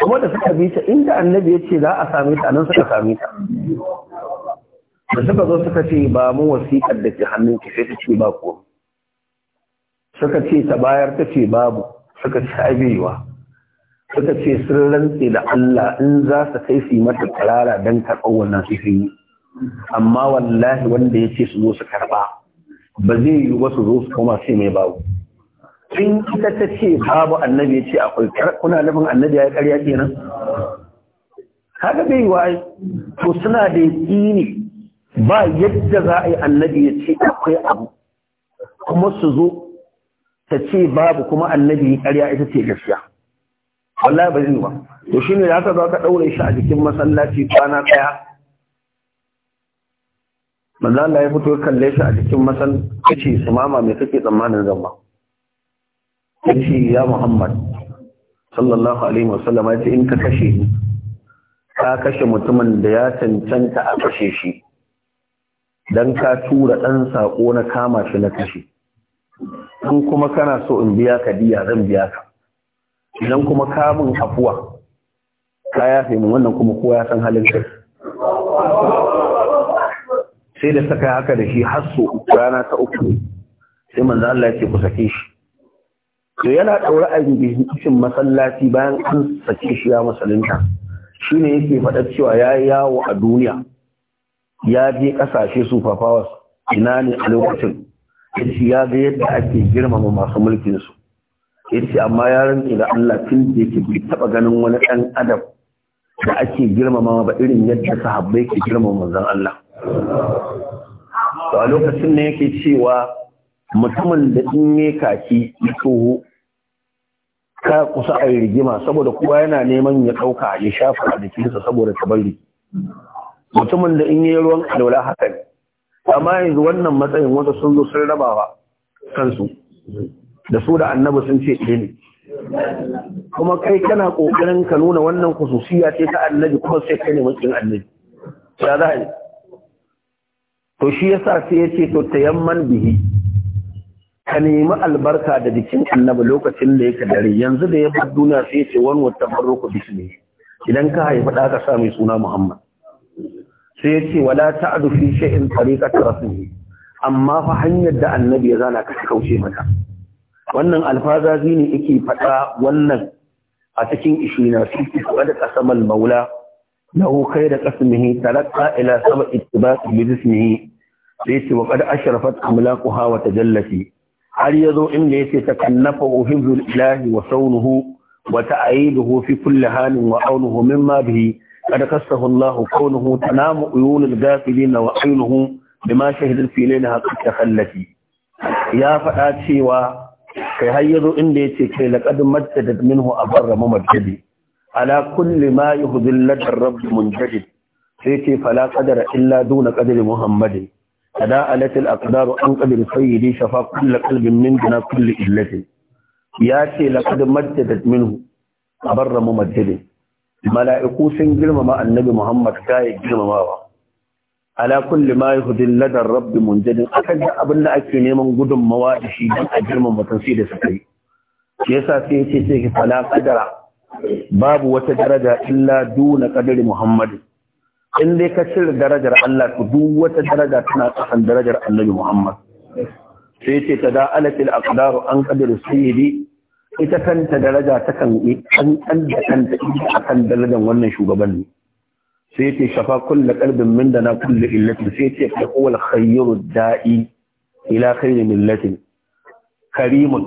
kuma da suka bi ta inda annabi ya ce za a same ta nan suka same ta da suka zo suka ce ba mu wasiƙar da ke hannun ki sai ta ce ba ko suka ce ta bayar ta ce babu suka ci abewa suka ce sun rantse da Allah in za su kai su yi mata karara don karɓar wannan sifiri amma wallahi wanda ya ce su zo su karɓa ba zai yi ba su zo su koma sai mai babu in ita ta ce babu annabi ya ce akwai kuna nufin annabi ya karya kenan kaga bai yi wa'ai to suna da yaƙini ba yadda za a yi annabi ya ce akwai abu kuma su zo ta ce babu kuma annabi ƙarya ita ce gaskiya wallahi ba zai ba to shine da haka zaka daure shi a jikin masallaci kwana daya manzo Allah ya fito kalle shi a jikin masallaci su mama me kake tsammanin zan ba ce ya Muhammad sallallahu alaihi wasallam ce in ka kashe ni ka kashe mutumin da ya cancanta a kashe shi dan ka tura dan sako na kama shi na kashe in kuma kana so in biya ka diya zan biya ka idan kuma kamun afuwa ka ya min wannan kuma kowa ya san halin kai sai da saka haka da shi har so rana ta uku sai manzo Allah ya ku sake shi to yana daura a cikin masallaci bayan an sake shi ya musulunta shine yake faɗa cewa ya yawo a duniya ya je ƙasashe su fafawa ina ne a lokacin yace ya ga yadda ake girmama masu mulkin su yace amma ya rantsi da Allah tun da yake bai taba ganin wani dan adam da ake girmama ba irin yadda sahabbai ke girmama manzon Allah to a lokacin ne yake cewa mutumin da in ne kaki ya tsoho ka kusa a rigima saboda kowa yana neman ya ɗauka ya shafa a jikinsa saboda bari. mutumin da in yi ruwan alwala haka ne amma yanzu wannan matsayin wanda sun zo sun rabawa kansu da su da annabi sun ce ɗaya ne kuma kai kana ƙoƙarin ka nuna wannan kususiya ce ta annabi kuma sai kai ne matsayin annabi ya za a to shi yasa sai ya ce to tayamman bihi ka nemi albarka da jikin annabi lokacin da yake dare yanzu da ya bar duniya sai ya ce wani wata farko bismi idan ka haifi ɗa ka sa mai suna muhammad sai ya ce wala ta'adu fi shay'in ta rasuli amma fa hanyar da annabi ya zana ka kauce mata wannan alfaza ne yake faɗa wannan a cikin ishina su ke da kasamal maula lahu kai da kasmihi talaka ila saba ittibaqi bi jismihi sai ce wa qad ashrafat amlaquha ta tajallati har yazo inda yace takannafa hibzul ilahi wa saunuhu wa ta'ayiduhu fi kulli halin wa aunuhu ma bihi قد قصه الله كونه تنام عيون الغافلين وعينهم بما شهدت في ليلها قد تخلتي يا فدا cewa kai har yazo inda yace kai laqad maddadat minhu abarra mamaddadi ala kulli ma yuhdil ladar rabb munjadid sai ce fala qadara illa duna qadri muhammadin ada alatil aqdaru an qadri sayyidi shafa kullu qalbin min kulli illatin ya ce laqad maddadat minhu abarra mamaddadi mala'iku sun girmama annabi Muhammad kai girmamawa ala kulli ma yuhdil ladar mun munjadin akan da abin da ake neman gudunmawa da shi don a girmama tafsir da suka yi shi yasa sai yace sai ki fala babu wata daraja illa duna kadari Muhammadu. in dai ka cire darajar Allah to duk wata daraja tana kasan darajar Annabi Muhammad sai yace alatil aqdaru an qadari sayyidi ita kanta daraja ta kan yi kankan da kanta a kan darajar wannan shugaban ne sai ce shafa kulle kalbin min da na kulle illatin sai ce kai kowal Khayyar da'i ila khayri millatin karimun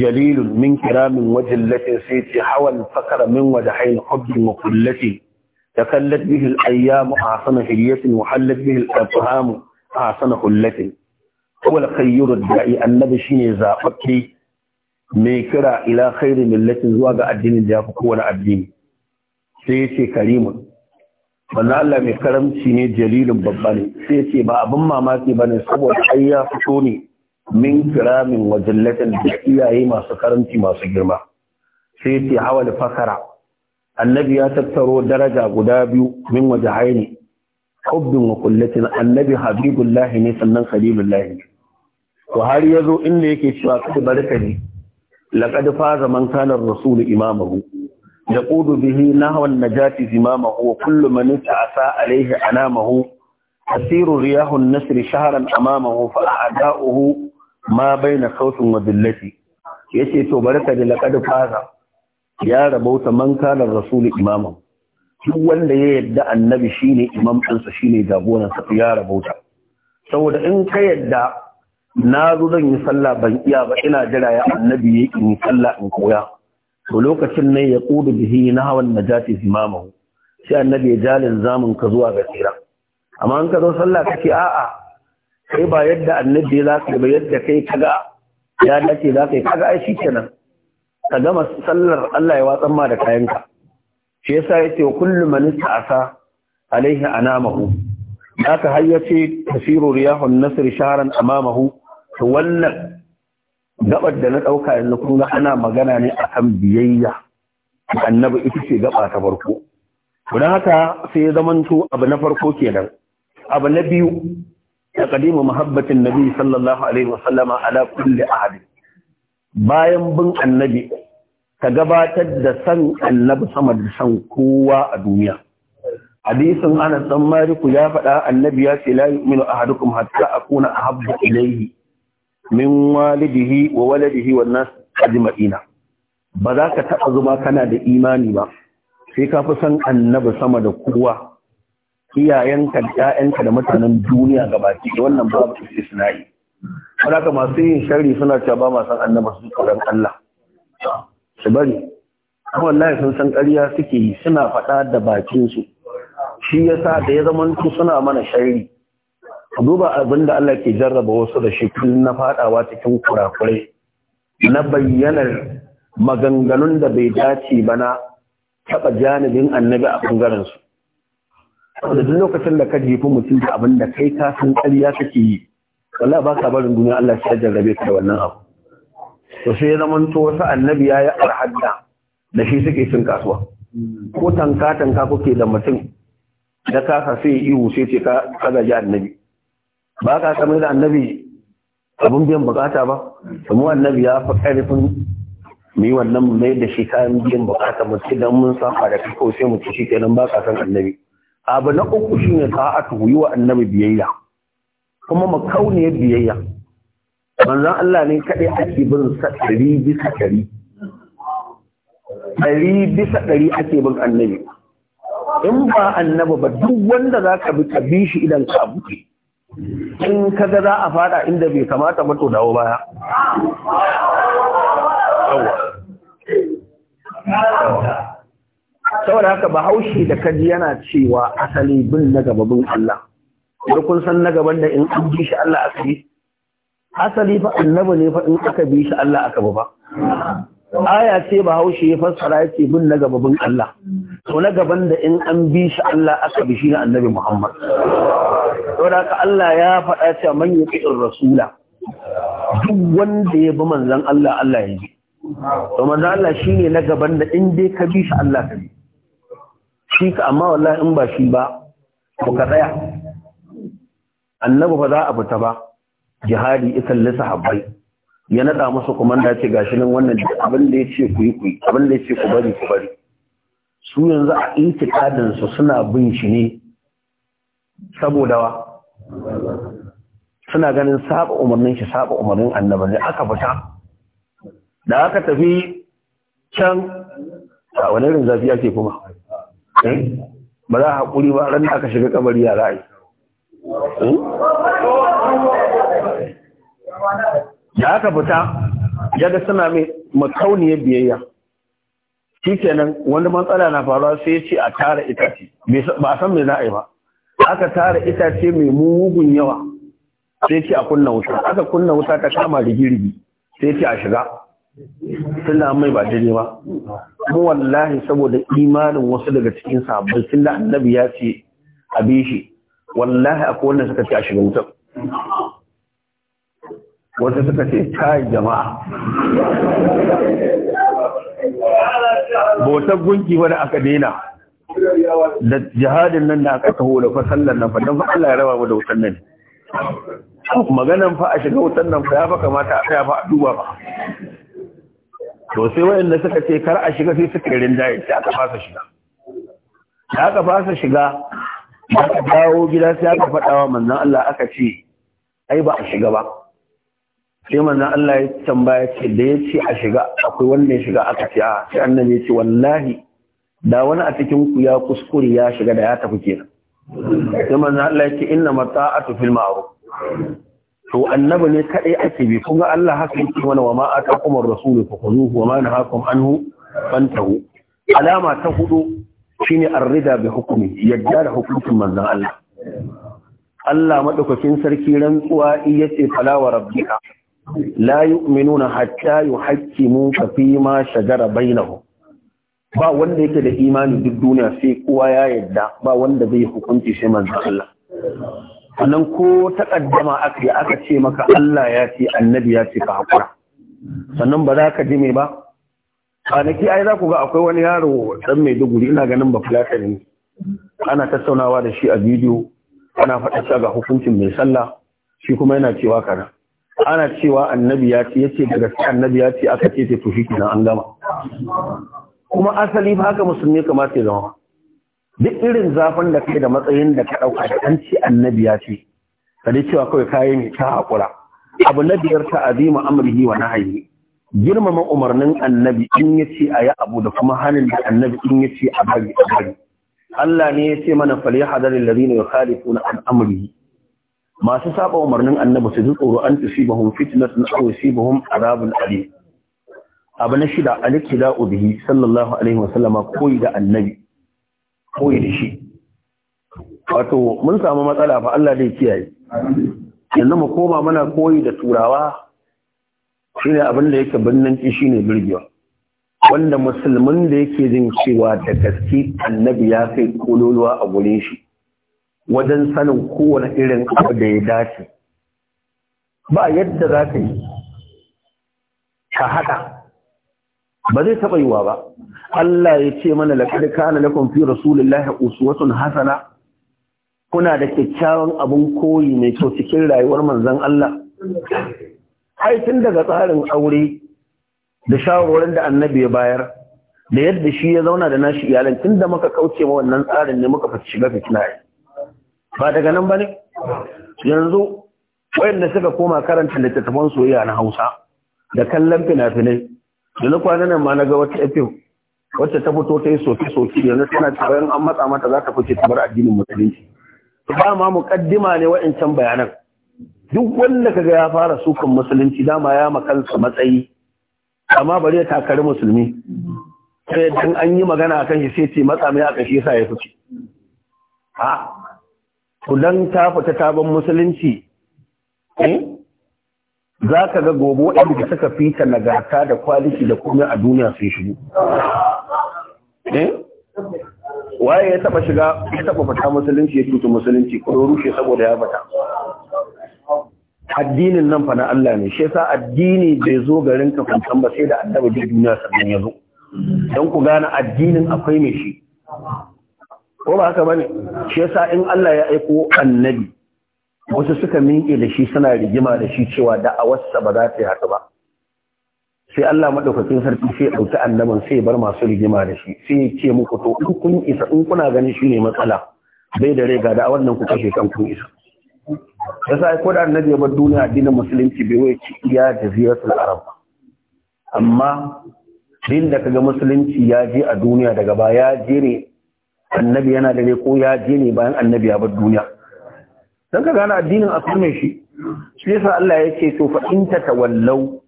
jalilun min kiramin wajen latin sai ce hawan fakara min wajahain hubbin wa kullatin تكلت به الأيام أحسن هدية وحلت به الأفهام أحسن خلة هو الخير الداعي النبي شيني زاقتي mai kira ila khairu millatin zuwa ga addinin da ya fi kowane addini sai ya ce karimun wannan Allah mai karamci ne jalilin babba ne sai ya ce ba abin mamaki ba ne saboda ai ya fito ne min kiramin wa da iyaye masu karamci masu girma sai ya ce hawa da fakara annabi ya tattaro daraja guda biyu min waje haini hubbin wa kullatin annabi habibullahi ne sannan khalilullahi ne to har yazo inda yake cewa kada barka ne لقد فاز من كان الرسول إمامه يقود به Najati, النجاة زمامه وكل من اتعسى عليه أنامه تسير رياح النسر شهرا أمامه فأعداؤه ما بين خوف وذلة yace to barka da laqad faza ya rabauta man kana rasul imaman duk wanda ya yadda annabi shine imam ɗansa shine jagoran sa ya saboda in ka yadda na zo zan yi sallah ban iya ba ina jira ya annabi ya yi sallah in koya to lokacin ne ya kudu bihi na hawan najati zimamahu sai annabi ya jalin zamun ka zuwa ga tsira amma an ka zo sallah kake a'a kai ba yadda annabi za ka ba yadda kai kaga ya dace za ka yi kaga ai kenan ka gama sallar Allah ya watsan ma da kayanka shi yasa yace kullu man ta'asa alaihi anamahu haka har yace tasiru riyahun nasr shahran amamahu to wannan gabar da na ɗauka yanzu kuma ana magana ne akan biyayya annabi ita ce gaba ta farko don haka sai ya zamanto abu na farko kenan abu na biyu da kadimu muhabbatin nabi sallallahu alaihi wasallama ala kulli ahad bayan bin annabi ta gabatar da san annabi sama da san kowa a duniya hadisin ana dan maliku ya faɗa annabi ya ce la yu'minu ahadukum hatta akuna ahabba ilayhi min walidihi wa waladihi wa nas ajma'ina ba za ka taɓa zuma kana da imani ba sai ka fi san annabi sama da kowa iyayenka da ƴaƴanka da mutanen duniya gabaki da wannan babu istisna'i wanda ka masu yin sharri suna cewa ba ma san annabi su tsoron Allah su bari wallahi sun san ƙarya suke yi suna faɗa da bakin su shi yasa da ya zama suna mana sharri duba abin da Allah ke jarraba wasu da shi kullum na fadawa cikin kurakurai na bayyanar maganganun da bai dace ba na taɓa janibin annabi a ɓangarensu. su. duk lokacin da ka jefi mutum da abin da kai ka san ƙarya kake yi, wala ba ka barin duniya Allah ya jarrabe ka da wannan abu. To sai ya zama to wasu annabi ya yi alhadda da shi suke cin kasuwa. Ko tanka tanka kuke da mutum da kasa sai ihu sai ce ka kaga ji annabi. ba ka kamar da annabi abin biyan bukata ba kuma annabi ya fi karfin mai wannan mai da shi kayan biyan bukata mu don dan mun saba da kiko sai mu ci shi kenan ba ka san annabi abu na uku shine ta huyi wa annabi biyayya kuma makauniyar biyayya manzon Allah ne kadai ake bin sa ɗari bisa ɗari ɗari bisa ɗari ake bin annabi in ba annabi ba duk wanda za ka bi shi idan ka buɗe in kaga za a fada inda bai kamata mato dawo baya saboda haka bahaushe da kaji yana cewa asali bin na gababin Allah da kun san na gaban da in an ji shi Allah aka bi asali fa annabi ne fa in aka bi shi Allah aka ba aya ce bahaushe ya fassara ya ce bin na gaba bin Allah to na gaban da in an bi shi Allah aka bi shi na annabi Muhammad saboda haka Allah ya faɗa cewa man yuqir rasula duk wanda ya bi manzon Allah Allah ya ji to manzon Allah shine na gaban da in dai ka bi shi Allah ka bi shi ka amma wallahi in ba shi ba ku ka tsaya annabi fa za a fita ba jihadi ita lissa lissahabbai ya naɗa musu kumanda ce gashi nan wannan abin da ya ce ku yi ku yi abin da ya ce ku bari ku bari su yanzu a intikadin su suna bin shi ne saboda wa suna ganin saba umarnin shi saba umarnin annabi ne aka fita da aka tafi can a wani irin zafi ake kuma eh? ba za a haƙuri ba ran da aka shiga kabari ya ra'ayi da aka fita ya ga suna mai makauniyar biyayya shi kenan wani matsala na faruwa sai ce a tara itace ba a san mai za a yi ba aka tara itace mai mugun yawa sai ce a kunna wuta aka kunna wuta ta kama rigirigi sai ce a shiga suna mai ba jini ba kuma wallahi saboda imanin wasu daga cikin sabbin da annabi ya ce a bishi shi wallahi akwai wanda suka ce a shiga wutar wasu suka ce kai jama'a bautar gunki wani aka daina da jihadin nan da aka taho da fasallan nan fadan fa Allah ya raba mu da wutan nan maganan fa a shiga wutan nan fa ya fa kamata a tsaya fa a duba fa to sai wayanda suka ce kar a shiga sai suka da ya aka fasa shiga da aka fasa shiga aka dawo gida sai aka faɗawa manzon Allah aka ce ai ba a shiga ba sai manzan Allah ya tambaya ce da ya ce a shiga akwai wanda ya shiga aka ce a sai annabi ya ce wallahi da wani a cikin ku ya kuskure ya shiga da ya tafi kenan sai manzan Allah ya ce inna mata'atu fil ma'ruf to annabi ne kadai ake bi kun Allah haka yake mana wa ma atakum ar-rasul fa khuzuhu wa ma nahakum anhu fantahu alama ta hudu shine ar-rida bi hukmi yadda da hukuncin manzan Allah Allah madaukakin sarki rantsuwa iya ce fala wa rabbika لا يؤمنون حتى yuhaqqimu فيما ma shajara ba wanda yake da imani duk duniya sai kowa ya yadda ba wanda zai hukunci sai manzo Allah anan ko takaddama aka yi aka ce maka Allah ya ce annabi ya ce ka hakura sannan ba za ka ji me ba kwanaki ai za ku ga akwai wani yaro dan mai duguri ina ganin ba fulata ne ana tattaunawa da shi a bidiyo ana faɗa ga hukuncin mai sallah shi kuma yana cewa kana ana cewa annabi ya ce yace daga sai annabi ya ce aka ce to shi kenan an gama kuma asali ba haka musulmi kamata ya zama duk irin zafin da kai da matsayin da ka dauka da an ce annabi ya ce ka dai cewa kawai kayan ne ta hakura abu na biyar ta azima amrihi wa nahyi girmama umarnin annabi in yace ayi abu da kuma hanin da annabi in yace a bari a bari Allah ne ya ce mana falyahadar alladhina yukhalifuna an amrihi masu saba umarnin annabi su ji tsoro an tusibahum fitnatun aw yusibahum adabun alim abu na shida aliktida'u bihi sallallahu alaihi sallama koyi da annabi koyi da shi wato mun samu matsala fa Allah zai kiyaye yanzu mu koma mana koyi da turawa shine abin da yake binnan ki shine birgewa wanda musulmin da yake jin cewa da gaske annabi ya kai kololuwa a gurin shi wajen sanin kowane irin abu da ya dace ba yadda za ka yi ka haɗa ba zai taɓa yiwa ba Allah ya ce mana laƙar kana lakum fi rasulillahi uswatun hasana kuna da kyakkyawan abin koyi mai kyau cikin rayuwar manzan Allah Aikin daga tsarin aure da shawarwarin da annabi ya bayar da yadda shi ya zauna da nashi iyalin, tun da muka kauce wa wannan tsarin ne muka shiga fitina ba daga nan ba ne yanzu wayanda suka koma karanta littattafan soyayya na hausa da kallon fina-finai da kwanan nan ma na ga wata fm wacce ta fito ta yi soke-soke yanzu tana cewa an matsa mata za ta fice ta bar addinin musulunci to ba ma muƙaddima ne wa'ancan bayanan duk wanda kaga ya fara sukan musulunci dama ya makansa matsayi amma bari ya takari musulmi sai dan an yi magana akan shi sai ce matsa mai aka shi yasa ya fice ha kudan dan ta fita taban musulunci eh? za ka ga gobe waɗanda suka fita nagarta da kwaliki da komai a duniya sun shigo eh? waye ya taba shiga ya taba fita musulunci ya tutu musulunci ko rushe saboda ya fata addinin nan fa na Allah ne shi yasa addini bai zo garin ka kuntan ba sai da annabi duniya sannan ya zo don ku gane addinin akwai mai shi ko ba haka bane shi yasa in Allah ya aiko annabi wasu suka minke da shi suna rigima da shi cewa da'awarsa ba za ta yi haka ba sai Allah madaukakin sarki sai dauki annaban sai bar masu rigima da shi sai ya ce muku to in kun isa in kuna ganin shi ne matsala bai da rai ga da'awar nan ku kashe kan kun isa yasa ko da annabi ya bar duniya addinin musulunci bai wai ci iya da ziyaratul arab amma din da kaga musulunci ya je a duniya daga baya ya je ne annabi yana da ne ko ya je ne bayan annabi ya bar duniya Don ka gane addinin asalin shi shi yasa Allah ya ce to fa ta wallau.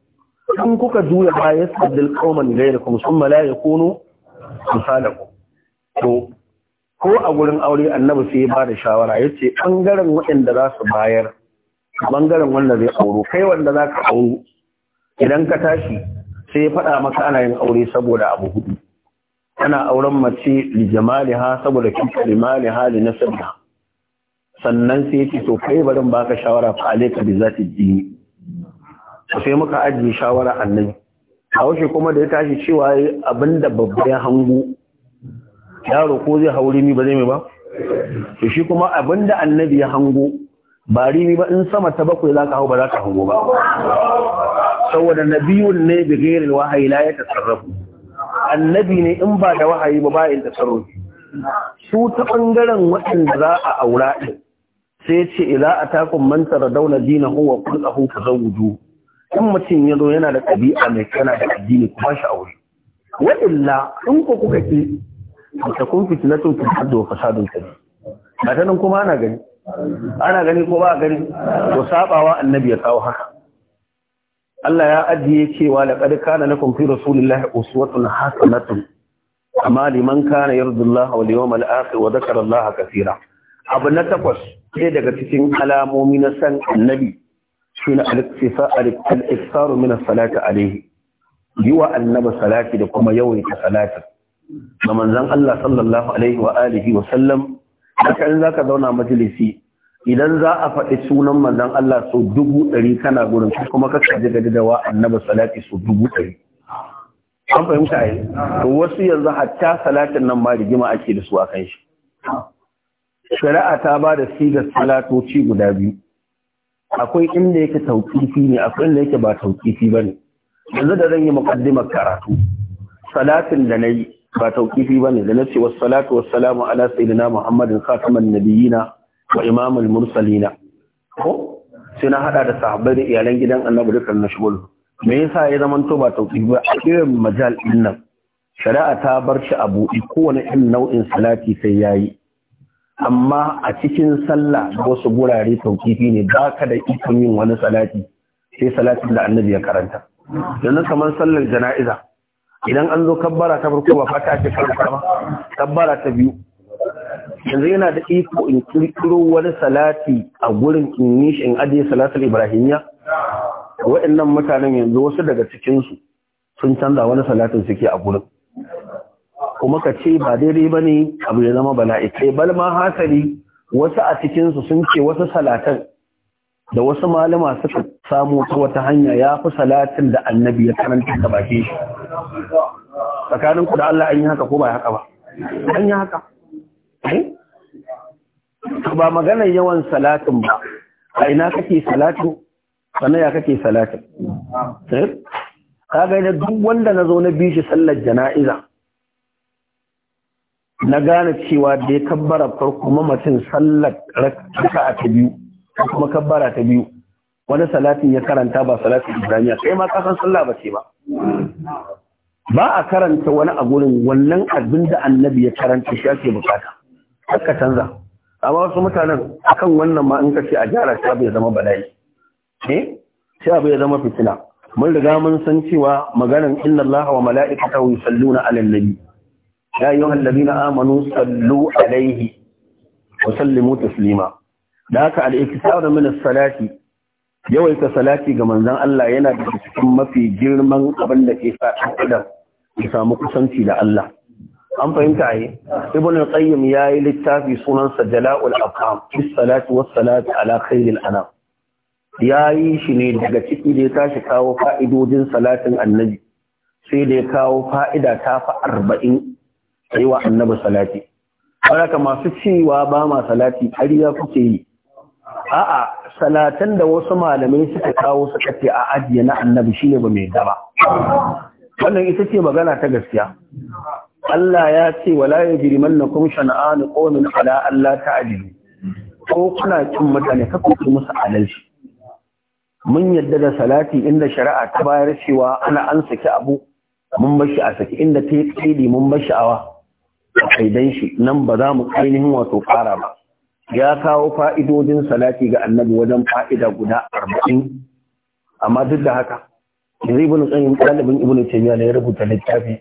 in kuka juya ba yasbadil qauman ghayrakum thumma la yakunu misalakum to ko a gurin aure annabi sai ya bada shawara yace bangaren waɗanda za su bayar bangaren wanda zai auro kai wanda za ka auro idan ka tashi sai ya faɗa maka ana yin aure saboda abu hudu ana auren mace li ha saboda Limali hali li nasabha sannan sai yace to kai barin baka shawara fa alayka bi zati dini sai muka ajiye shawara annabi A washe kuma da ya tashi cewa abinda babba ya hango yaro ko zai hauri ni ba zai mai ba to shi kuma abinda annabi ya hango ba rini ba in sama ta bakwai za ka hau ba za ka hango ba saboda nabiyun ne bi ghairil wahayi la yatasarrafu annabi ne in ba da wahayi ba bayan da tasarrufi su ta bangaren waɗanda za a aura ɗin sai ce ila a takun mantar dauna dina huwa kulɗahu ka wuju. in mutum ya zo yana da ɗabi'a mai kana da addini kuma shi aure waɗanda in ko kuka ki ta kun fiti na hadd wa fasadun kabi ba ta nan kuma ana gani ana gani ko ba gani to sabawa annabi ya kawo haka Allah ya ajiye cewa laqad kana na fi rasulillahi uswatun hasanatun amma liman kana yarjullaha wal yawmal akhir wa dhakara Allah kaseera abu na takwas sai daga cikin alamomi na san annabi shine al-iktisaru min as-salati alayhi yiwa Annaba, salati da kuma yawaita salati ga manzan Allah sallallahu alaihi wa alihi wa sallam haka za ka zauna majalisi idan za a faɗi sunan manzan Allah so dubu ɗari kana gudun shi kuma ka kaji gadi da wa annaba salati so dubu ɗari an fahimta ai to wasu yanzu hatta salatin nan ma rigima ake da su a kan shi shari'a ta ba da sigar salatoci guda biyu akwai inda yake tauƙifi ne akwai inda yake ba tauƙifi ba ne yanzu da zan yi muƙaddimar karatu salatin da na yi ba tauƙifi ba ne da na ce wasu salatu wasu salamu ala sayyidina muhammadin Khatamar nabiyina wa imamul mursalina ko sai na hada da sahabbai da iyalan gidan annabi dukkan na shugul me yasa ya zaman to ba tauqib ba a irin majal din nan shari'a ta bar shi a buɗe kowane in nau'in salati sai yayi amma a cikin sallah wasu gurare tauƙifi ne ba ka da ikon yin wani salati sai salatin da annabi ya karanta yanzu kamar sallar jana'iza idan an zo kabbara ta farko ba fata ce farko ba kabbara ta biyu yanzu yana da iko in kirkiro wani salati a gurin in in ajiye salatul ibrahimiyya waɗannan mutanen yanzu wasu daga cikinsu sun canza wani salatin suke a gurin kuma ka ce ba daidai ba ne abu ya zama bala'i kai bal ma hasali wasu a cikinsu sun ce wasu salatan da wasu malama suka samu ta wata hanya ya fi salatin da annabi ya karanta da baki shi tsakaninku da Allah an yi haka ko ba haka ba an yi haka Eh? ba maganar yawan salatin ba a ina kake salatu sannan ya kake salatin eh? kaga na duk wanda na zo na bi shi sallar jana'iza na gane cewa da ya kabbara farko mamacin sallar raka ta biyu kuma kabbara ta biyu wani salatin ya karanta ba salatin jami'a. sai ma kasan sallah ba ce ba ba a karanta wani a gurin wannan abin da annabi ya karanta shi ake bukata aka canza amma wasu mutanen akan wannan ma in ka ce a gyara abu ya zama bala'i eh sai ya zama fitina mun riga mun san cewa maganan inna allaha wa mala'ikatahu yusalluna 'alan nabi ya ayyuhal ladina amanu sallu 'alaihi wa sallimu taslima da haka al-iktisar min as-salati yawaita salati ga manzon Allah yana da cikin mafi girman abin da ke sa ɗan adam ya samu kusanci da Allah an fahimta yi ibn al-qayyim yayi littafi sunansa jala'ul afham bis salatu was salatu ala khairil anam yayi shi ne daga ciki da ya tashi kawo fa'idodin salatin annabi sai da ya kawo fa'ida ta fa 40 sai wa annabi salati haka masu cewa ba ma salati har ya kuke yi a'a salatan da wasu malamai suka kawo suka ce a ajiye na annabi shine ba mai daba wannan ita ce magana ta gaskiya Allah ya ce wala yajrimannakum shan'an qawmin ala ta ta'dilu ko kuna cin mutane ka kuke musu adalci mun yadda da salati inda shari'a ta bayar cewa ana an saki abu mun bashi a saki inda ta yi kaidi mun bashi awa kaidan shi nan ba za mu ainihin wato fara ba ya kawo fa'idodin salati ga annabi wajen fa'ida guda arba'in amma duk da haka ibn qayyim ɗalibin ibn taymiya ya rubuta littafi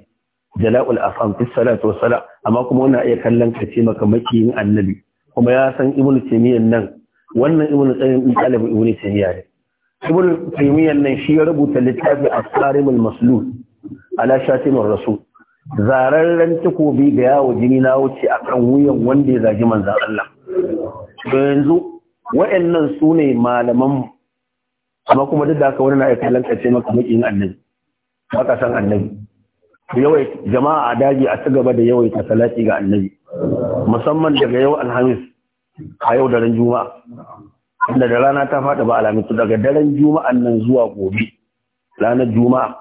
jala'ul afam fi salatu wassalam amma kuma wannan iya kallon ka ce maka makiyin annabi kuma ya san ibnu taymiyan nan wannan ibnu taymiyan ibnu taymiyan ne ibnu taymiyan nan shi ya rubuta littafi as-sarimul maslul ala shatimur rasul zararren takobi ga yawo jini na wuce akan wuyan wanda ya zagi manzon Allah to yanzu wa'annan su ne malaman amma kuma duk da haka wani na iya kallon ka ce maka makiyin annabi maka san annabi yawai jama'a a daji a ci gaba da yawaita salati ga annabi musamman daga yau alhamis a yau daren juma'a inda da rana ta faɗi ba alamitu daga daren juma'an nan zuwa gobe ranar juma'a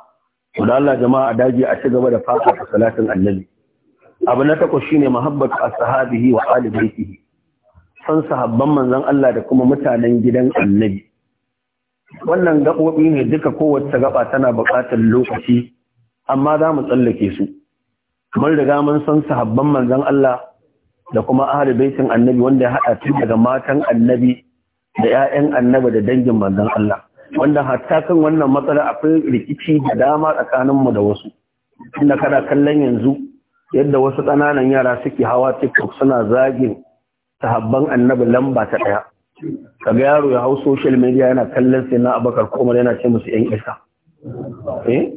to da Allah jama'a a daji a cigaba gaba da fata salatin annabi abu na takwas shine muhabbatu ashabihi wa ali baitihi san sahabban manzon Allah da kuma mutanen gidan annabi wannan gabobi ne duka kowace gaba tana buƙatar lokaci amma za mu tsallake su mun riga mun san sahabban manzon Allah da kuma ahli baitin annabi wanda ya haɗa tun daga matan annabi da 'ya'yan annabi da dangin manzon Allah wanda hatta kan wannan matsala akwai rikici da dama tsakaninmu da wasu inda kada kallon yanzu yadda wasu ƙananan yara suke hawa TikTok suna zagin sahabban annabi lamba ta ɗaya. Kaga yaro ya hau social media yana kallon sai na abakar komar yana ce musu ‘yan isa. Eh?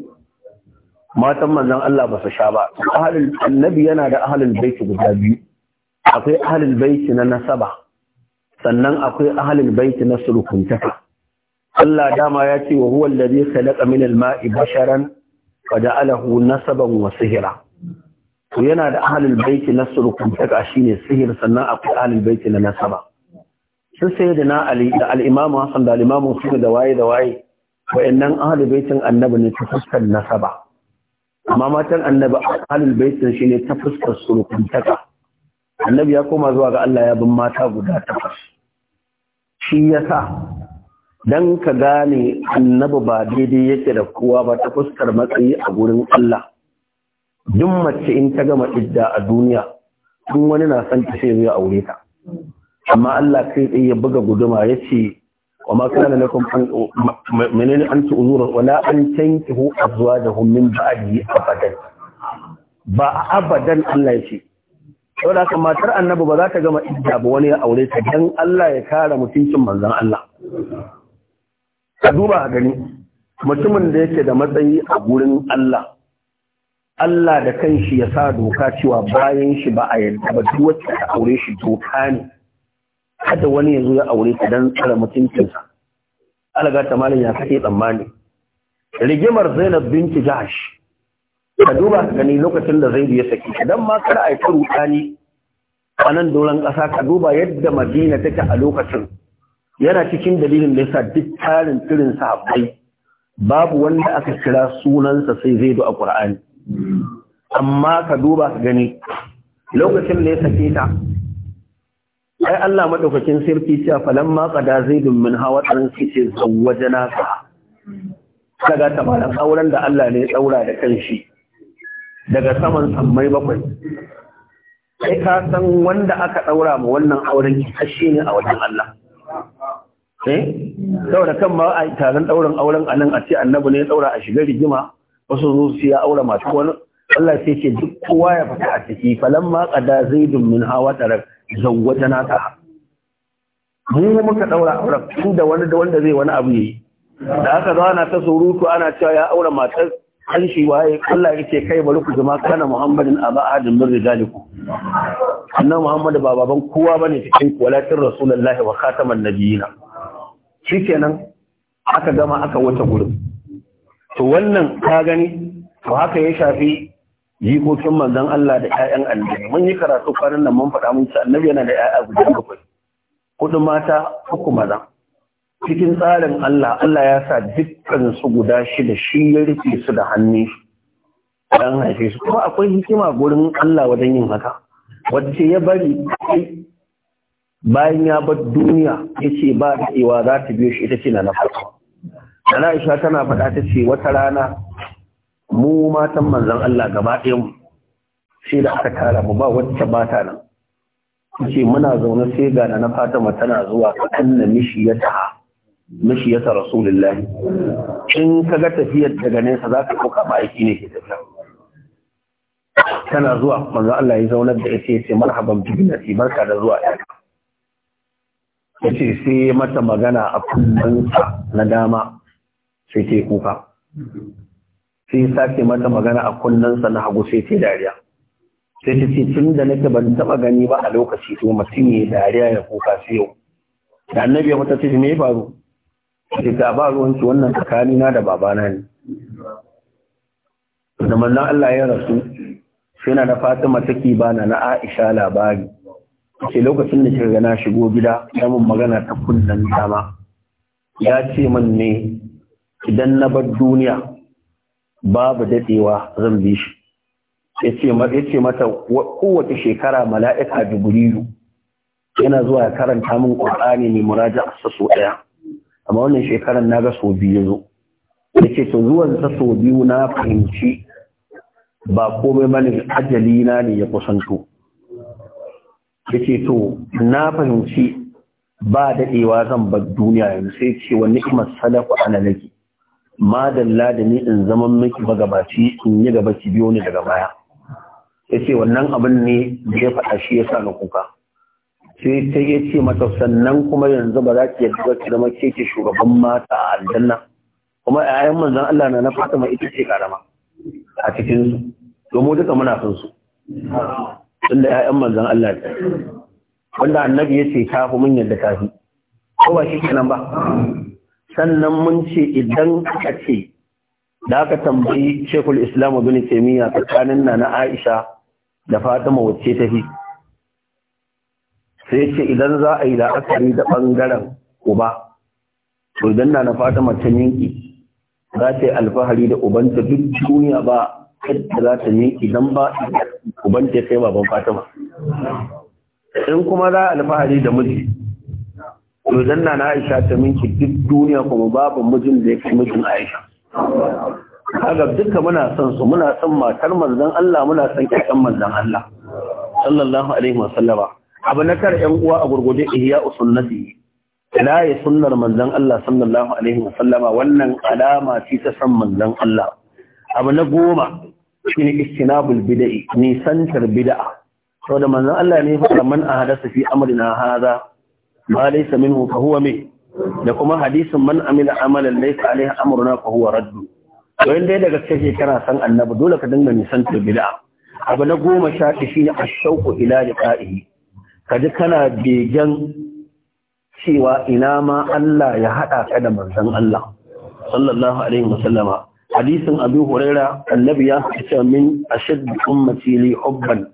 matan manzon Allah ba su sha ba ahlul annabi yana da ahlul bait guda biyu akwai ahlul bait na nasaba sannan akwai ahlul bait na sulukuntaka Allah dama ya ce wa huwa alladhi khalaqa min al-ma'i basharan wa ja'alahu nasaban wa sihra to yana da ahlul bait na sulukuntaka shine sihir sannan akwai ahlul bait na nasaba sun sai da na Ali da al-Imam Hassan da al-Imam Musa da waye da waye wayannan ahlul baitin annabi ne ta fuskar nasaba amma matan annabi baitin shi ne ta fuskar surukuntaka annabi ya koma zuwa ga Allah ya bin mata guda takwas shi ya sa, don ka gane annabi ba daidai yake da kowa ba ta fuskar matsayi a gurin Allah duk mace in ta gama idda a duniya tun wani na son ta sai zai aure ta amma Allah kai tsaye ya buga guduma ya ce وما كان لكم أن من أن تؤذوا ولا أن تنكحوا أزواجهم من بعده أبدا با أبدا الله يشي saboda haka matar annabi ba za ta gama idda ba wani ya aure ta dan Allah ya kare mutuncin manzon Allah ka duba a mutumin da yake da matsayi a gurin Allah Allah da kanshi ya sa doka cewa bayan shi ba a yarda ba duk wacce ta aure shi doka ne kada wani ya ya aure ka dan tsara mutuncinsa alaga ta malin ya kake tsammani rigimar Zainab binti jihar ka duba ka gani lokacin da Zaidu ya saki dan ma kar a yi rudani a nan doron ƙasa ka duba yadda Madina take a lokacin yana cikin dalilin da yasa duk tarin tirin sahabbai babu wanda aka kira sunansa sai Zaidu a Qur'ani amma ka duba ka gani lokacin da ya sake ta ai Allah madaukakin sarki cewa ma qada zaidun min hawa tsarin kice zawwajana ka daga tabaran auren da Allah ne ya daura da kanshi daga saman sammai bakwai sai ka san wanda aka daura ma wannan auren kashi ne a wajen Allah eh saboda kan ma a taron dauran auren anan a ce annabi ne ya daura a shiga rigima wasu zo su ya aura masu wani Allah sai ce duk kowa ya fita a ciki ma qada zaidun min hawa tsarin zawwata na ta mu muka daura auren tun da wani da wanda zai wani abu yayi da aka zo ana ta surutu ana cewa ya aura matar an waye Allah yake kai bari ku zama kana Muhammadin a ahadin min rijalikum annabi Muhammad ba baban kowa bane cikin ku walakin rasulullahi wa khataman shi shikenan aka gama aka wuce gurin to wannan ka gani to haka ya shafi jikokin manzan Allah da ƴaƴan annabi mun yi karatu kwanan nan mun faɗa mun ci yana da ƴaƴa guda bakwai kudin mata uku maza cikin tsarin Allah Allah ya sa dukkan su guda shida shi ya rufe su da hannu don dan haife su kuma akwai hikima gurin Allah wajen yin haka wacce ya bari bayan ya bar duniya ya ce ba da za ta biyo shi ita ce na na farko Ana Aisha tana faɗa ta ce wata rana mu matan manzan Allah gaba ɗayan sai da aka tara mu ba wacce ba ta nan ce muna zaune sai ga na Fatima tana zuwa kan na mishiyata mishiyata Rasulullahi in ka ga tafiyar daga nesa za ka ɗauka ba aiki ne ke tafiya tana zuwa manzo Allah ya zaunar da ita yace marhaban bibinati barka da zuwa ya yace sai mata magana a kullun na dama sai ke kuka sai ya sake mata magana a kunnensa na hagu sai ta dariya sai ta ce tun da nake ban taba gani ba a lokaci to mutum ya dariya ya kuka sai yau da annabi ya mata ce me ya faru sai ta ba ruwanki wannan tsakanina da babana ne da manzon Allah ya rasu sai na da Fatima take bana na Aisha labari ce lokacin da kika gana shigo gida ya mun magana ta kullun dama ya ce min ne idan na bar duniya babu daɗewa zan bi shi yace mata kowace shekara mala'ika jibrilu yana zuwa ya karanta min qur'ani ne muraja sa so daya amma wannan shekaran naga so biyu zo yace to zuwan sa so biyu na fahimci ba komai bane ajali na ne ya kusanto yace to na fahimci ba daɗewa zan bar duniya yanzu sai ce wani ni'mat salafu ana laki madalla da in zaman miki magabaci in yi gaba ki biyo ni daga baya ya ce wannan abin ne da ya faɗa shi ya sa na kuka sai ta ya ce mata sannan kuma yanzu ba za ki yadda ba ki zama ke ke shugaban mata a aljanna kuma yayin manzon Allah na na mai ita ce karama a cikin su domin duka muna son su tunda 'ya'yan manzon Allah ne wanda annabi ya ce ta fi mun yadda ta fi ko ba shi kenan ba sannan mun ce idan aka ce da aka tambayi shekul islamu bin taimiyya tsakanin na na aisha da fatima wacce ta fi sai ce idan za a yi la'akari da ɓangaren uba to idan na na fatima ta ninki za ta yi alfahari da ubanta duk duniya ba kadda za ta ninki don ba ubanta ya kai baban fatima in kuma za a alfahari da miji to dan na Aisha ta minki duk duniya kuma babu mijin da ya fi mijin Aisha kaga duka muna son su muna son matar manzon Allah muna son ƴaƴan manzon Allah sallallahu alaihi wa sallama abu na kar 'yan uwa a gurgurde ihya sunnati la ya sunnar manzon Allah sallallahu alaihi wa sallama wannan alama ce ta san manzon Allah abu na goma shine istinabul bid'i nisantar bid'a saboda manzon Allah ne ya fa man ahadasa fi amrina hadha ma laysa minhu fa huwa min? da kuma hadisin man amila amalan laysa alaihi amruna fa huwa raddu wayan da daga cikin shekara san annabi dole ka dinga nisan bid'a abu na goma sha ɗaya shine ashauqu ila liqa'ihi ji kana begen cewa ina ma Allah ya haɗa ka da manzon Allah sallallahu alaihi wasallama hadisin abu huraira annabi ya ce min ashad ummati li hubban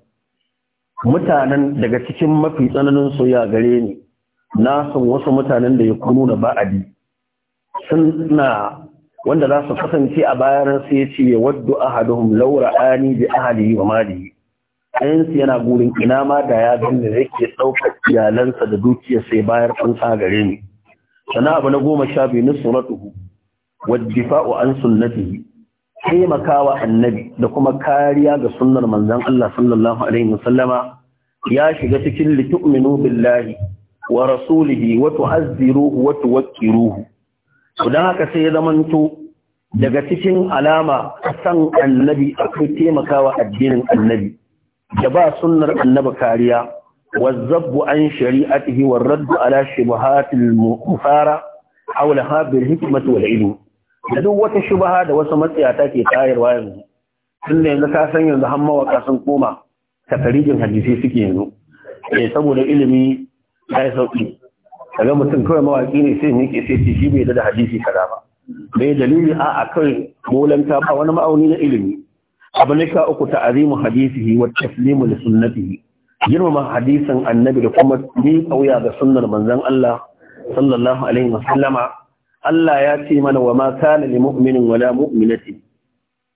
mutanen daga cikin mafi tsananin soyayya gare ni na san wasu mutanen da ya kunu na ba'adi suna wanda za su kasance a bayan sai ya ce ya waddu ahaduhum laura ani bi ahalihi wa malihi ɗayansu yana gurin ina ma da ya gani da yake ɗaukar iyalansa da dukiyar sai bayar kunsa gare ni sana abu na goma sha biyu na sunatuhu waddifa'u an sunnatihi taimakawa annabi da kuma kariya ga sunnar manzon Allah sallallahu alaihi wasallama ya shiga cikin litu'minu billahi wa rasulihi wa tu'azziruhu wa ruhu! to dan haka sai ya zamanto daga cikin alama san annabi akwai taimakawa addinin annabi da ba sunnar annabi kariya wazzabu an shari'atihi war radd ala shubuhatil mufara hawla habil hikmati wal ilm da duk wata shubaha da wasu matsayata ke tayarwa yanzu tun da yanzu ka san yanzu har mawaka sun koma takarijin hadisi suke yanzu eh saboda ilimi ya yi sauƙi kaga mutum kawai mawaƙi ne sai miƙe sai ce shi bai da hadisi kaza ba bai dalili a a kai molanta ba wani ma'auni na ilimi abu ne ka uku ta'azimu hadisihi wa taslimu li sunnatihi girmama hadisin annabi da kuma ni kauya ga sunnar manzon Allah sallallahu alaihi sallama. Allah ya ce mana wa ma kana lil mu'minin wala mu'minati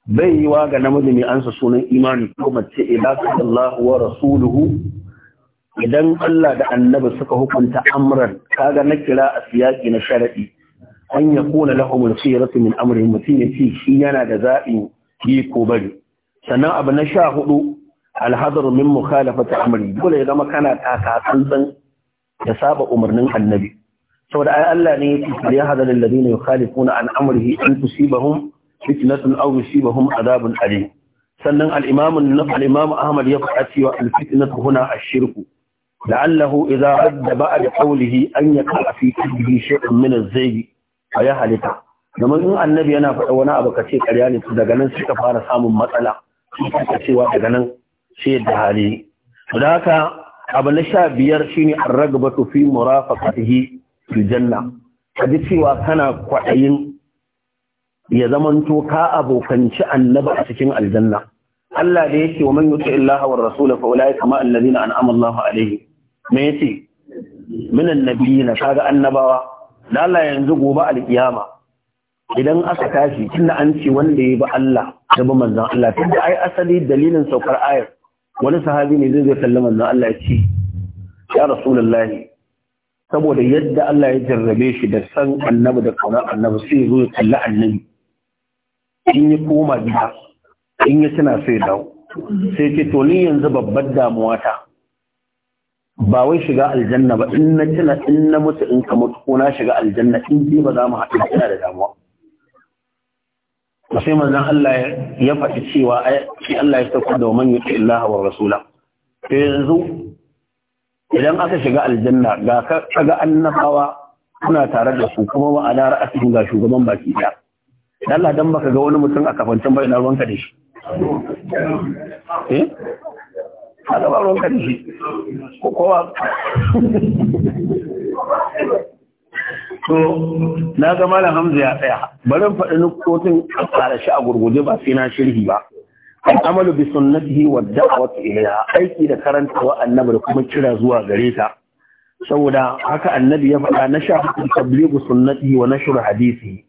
bai yi wa ga namiji mai ansa sunan imani ko mace ila sallallahu wa rasuluhu idan Allah da annabi suka hukunta amran kaga na kira a siyaki na sharadi an ya kuna lahumul khiyaratu min amrihim mutum ya shi yana da zaɓin yi ko bari sannan abu na sha hudu alhadar min mukhalafati amri dole ya zama kana taka tsantsan da saba umarnin annabi saboda ai Allah ne ya ce ya hadar alladhina yukhalifuna an amrihi an tusibahum fitnatun aw yusibahum adabun alim sannan al-imam al-imam Ahmad ya faɗa cewa al-fitnatu huna ash-shirku la'allahu idza radda ba'da qawlihi an yaqa fi qalbihi shay'un min az-zayg halita domin in annabi yana faɗa wani abu kace ƙarya ne daga nan suka fara samun matsala suka cewa daga nan sai da hali to da haka abu na sha biyar shine ar-ragbatu fi murafaqatihi fil janna kaji cewa kana kwaɗayin ya zamanto ka abokanci annabi a cikin aljanna Allah da yake wa man yuti Allah wa rasul fa ulai kama alladhina an'ama Allah alaihim me yace minan nabiyina kaga annabawa da Allah yanzu gobe alkiyama idan aka tashi tunda an ce wanda ya bi Allah da bi manzon Allah da ai asali dalilin saukar ayar wani sahabi ne zai zo kallon manzon Allah ya ce ya rasulullah saboda yadda Allah ya jarrabe shi da san annabi da kaunar annabi sai zo ya kalla annabi in ya koma gida in ya tana sai dawo sai ce to ni yanzu babbar damuwata. ta ba wai shiga aljanna ba in na tuna in na mutu in ka mutu ko na shiga aljanna in ji ba za mu haɗu ina da damuwa sai manzon Allah ya faɗi cewa shi Allah ya sauka da man yuti Allah wa rasula to yanzu idan aka shiga aljanna ga ka ga annabawa kuna tare da su kuma ba a da ga shugaban baki da Allah dan baka ga wani mutum a kafancin bai na ruwanka da shi eh kaga ba ruwan karshe ko kowa to na ga malam hamza ya tsaya barin faɗi kotun a tsara shi a gurguje ba sai na shirhi ba al'amalu bi sunnatihi wa da'wati ilayha aiki da karantawa annabi da kuma kira zuwa gare ta saboda haka annabi ya faɗa na sha tabligu sunnatihi wa nashr hadisi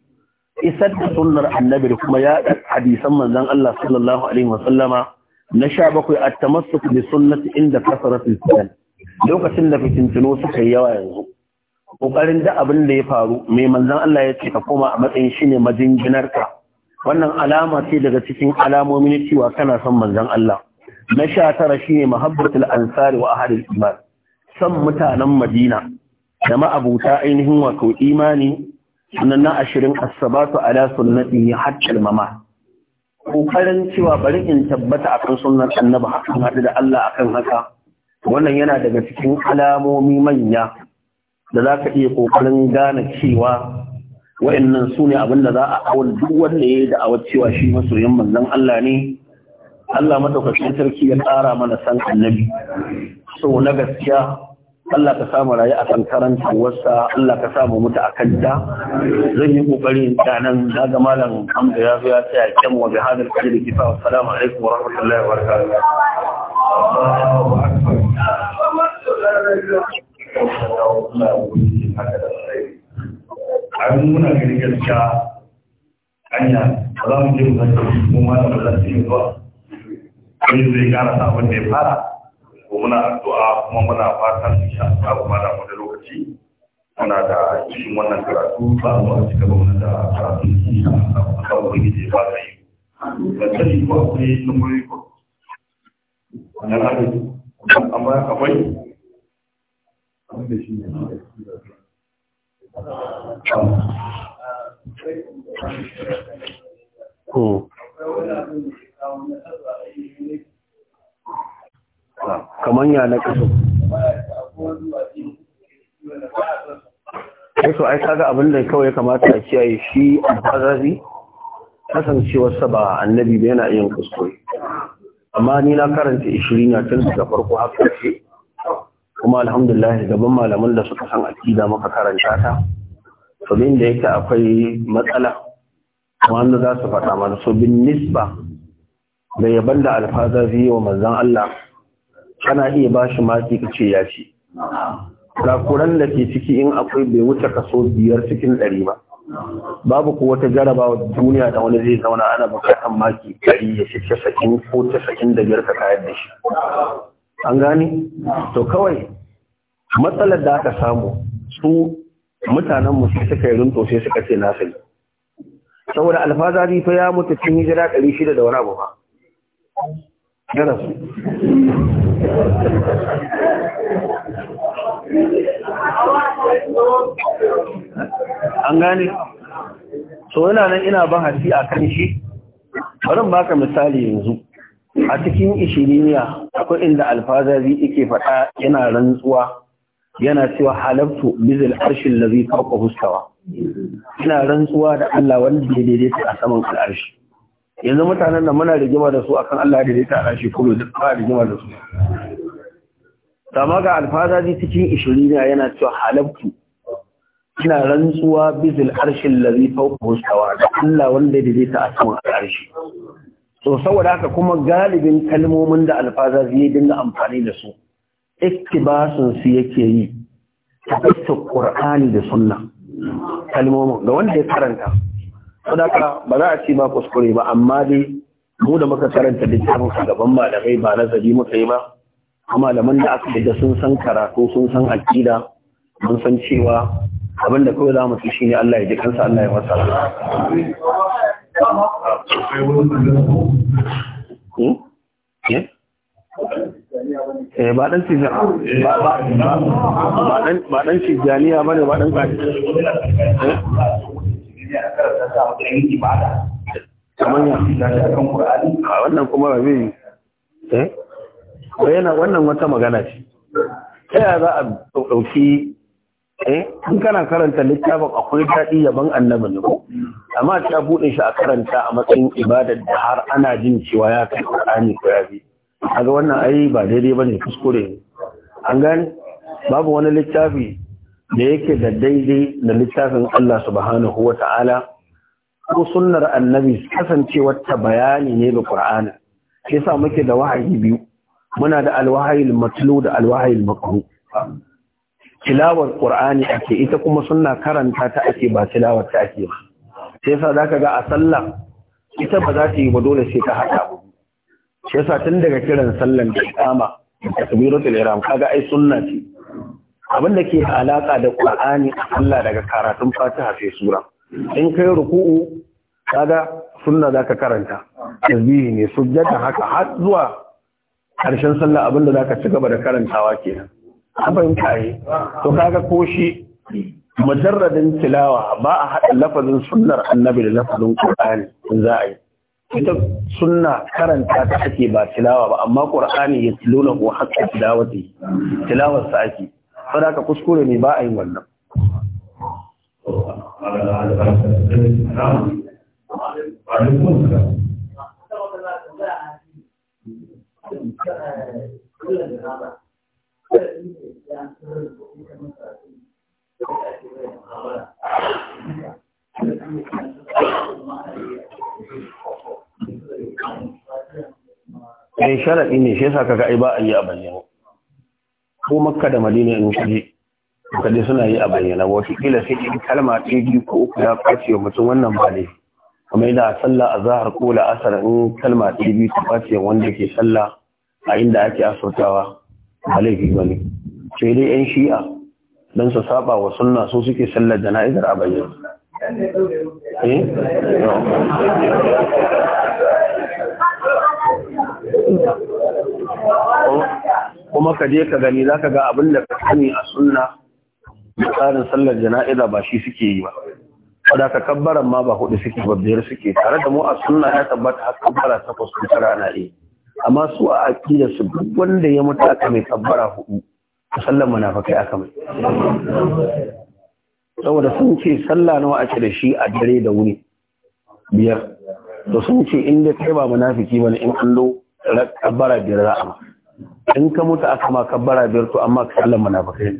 isar da sunnar annabi da kuma ya hadisan manzon Allah sallallahu alaihi wa sallama na sha bakwai a tamassuk bi sunnati inda kasara fitan lokacin da fitintino suka yi yawa yanzu kokarin da abin da ya faru mai manzon Allah ya ce ka koma a matsayin shine majinginarka wannan alama ce daga cikin alamomi cewa kana son manzon Allah na sha tara shine mahabbatul ansari wa ahlul iman san mutanen Madina da ma'abuta ainihin wato imani sannan na ashirin as-sabatu ala sunnati hatta al-mamat kokarin cewa bari in tabbata akan sunnar annabi hakan haɗu da Allah akan haka wannan yana daga cikin alamomi manya da za ka iya kokarin gane cewa wa'annan su ne abin da za a awon duk wanda ya yi da'awar cewa shi masoyin manzon Allah ne Allah madaukakin sarki ya tsara mana san annabi so na gaskiya Allah ka samu rayu a kan karanta wasa Allah ka samu mutu a kanta zan yi kokari da nan daga malam hamda ya zo ya tsaya kyan wa bi hadal kadir kifa wa salamu alaikum wa rahmatullahi wa barakatuh an muna gani gaskiya anya ba za mu je mu zanta mu ma da ba za su yi zuwa wani zai kara sabon da ya fara muna addu'a kuma muna fatan insha Allah ba da wani lokaci muna da cikin wannan karatu ba mu ci gaba wannan da karatu insha Allah ba mu da ba sai ba sai ko sai numuri ko wannan abu amma akwai abin shi ne ko kamar ya na kaso wato ai kaga abin da kawai kamata a kiyaye shi a alfazazi kasancewarsa ba annabi ba yana yin kuskure amma ni na karanta ishirin ya tun daga farko har ƙarshe kuma alhamdulillah gaban malaman da suka san akida maka karanta ta to da yake akwai matsala wanda za su faɗa mana so bin nisba da yaban da alfazazi wa manzon Allah kana iya ba shi maki ka ce ya ci kurakuran da ke ciki in akwai bai wuce kaso biyar cikin ɗari ba babu ko wata duniya da wani zai zauna ana bukatan maki ɗari ya shi sakin ko sakin da biyar ka kayar da shi an gane to kawai matsalar da aka samu su mutanen mu sai suka yi runto sai suka ce na sai saboda alfazari fa ya mutu cikin hijira ɗari da wani abu ba an gane so yana nan ina bahasi a kan shi barin baka misali yanzu a cikin ishiriniya akwai inda alfazari ike faɗa yana rantsuwa yana cewa halabtu bizil arshin lazi fawqa huskawa ina rantsuwa da Allah wanda ke daidaita a saman al'arshi yanzu mutanen da muna rigima da su akan Allah da zai tara shi kullu duk ba rigima da su sama ga alfazaji cikin ishirina yana cewa halabtu ina rantsuwa bizil arshin ladhi fawqa stawa da Allah wanda da zai ta asaman arshi to saboda haka kuma galibin kalmomin da alfazaji ya dinga amfani da su iktibasun su yake yi ta Qur'ani da sunna kalmomin ga wanda ya karanta Sadaka ba za a ce ba kuskure ba amma dai mu da muka karanta littafin a gaban malamai ba nazari muka yi ba malaman da aka da sun san karatu sun san aƙida mun san cewa abin da kawai za mu ci shine Allah ya ji kansa Allah ya masa hmm? eh? eh ba dan tijaniya ba ba ba dan ba dan wannan kuma ba zai eh yana wannan wata magana ce ta yaya za a dauki eh in kana karanta littafin akwai daɗi yaban annabi ne ko amma ta buɗe shi a karanta a matsayin ibadar da har ana jin cewa ya kai Qur'ani ko ya bi kaga wannan ai ba daidai bane kuskure ne an gani. babu wani littafi da yake da daidai da littafin Allah subhanahu wa ta'ala ko sunnar annabi kasancewa ta bayani ne da qur'ani sai sa muke da wahayi biyu muna da alwahayil matlu da alwahayil makru tilawar qur'ani ake ita kuma sunna karanta ta ake ba tilawar ta ake sai sa zaka ga a sallah ita ba za ta yi ba dole sai ta hada sai sa tun daga kiran sallan da ikama takbiratul ihram kaga ai sunna ce abinda ke alaka da qur'ani a sallah daga karatun fatiha sai sura in kai ruku'u kaga sunna zaka karanta tasbihi ne sujjata haka har zuwa karshen sallah abinda zaka ci gaba da karantawa kenan an fahimta yi to kaga ko shi mujarradin tilawa ba a haɗa lafazin sunnar annabi da lafazin qur'ani in za a yi ita sunna karanta ta ake ba tilawa ba amma qur'ani ya tilona ko hakka tilawati tilawar sa ake ka kuskure ne ba a yi wannan Mai sharaɗi ne shi yasa kaga ai ba a yi a bayyano, ko makka da madina in kaje kaje suna yi a bayyana wasu kila sai in kalma ɗaya biyu ko uku ya kwace wa mutum wannan ba ne kuma yana sallah a zahar ko la'asar in kalma ɗaya biyu ta kwace wanda ke sallah a inda ake asautawa ba laifi ba ne sai dai yan shi'a don su saba wa sunna so suke sallar jana'izar a bayyana eh? kuma ka je ka gani za ka ga abin da ka sani a sunna da tsarin sallar jana'iza ba shi suke yi ba wadda ka kabbaran ma ba hudu suke babbiyar suke tare da mu a sunna ya tabbata har kabbara takwas ko tara na yi amma su a aqida su duk wanda ya mutu aka mai kabbara hudu sallar munafikai aka mai saboda sun ce sallah nawa ake da shi a dare da wuni biyar to sun ce in da kai ba munafiki bane in lo kabbara biyar za a ma in ka mutu aka ma kabbara biyar to amma ka sallar munafikai ne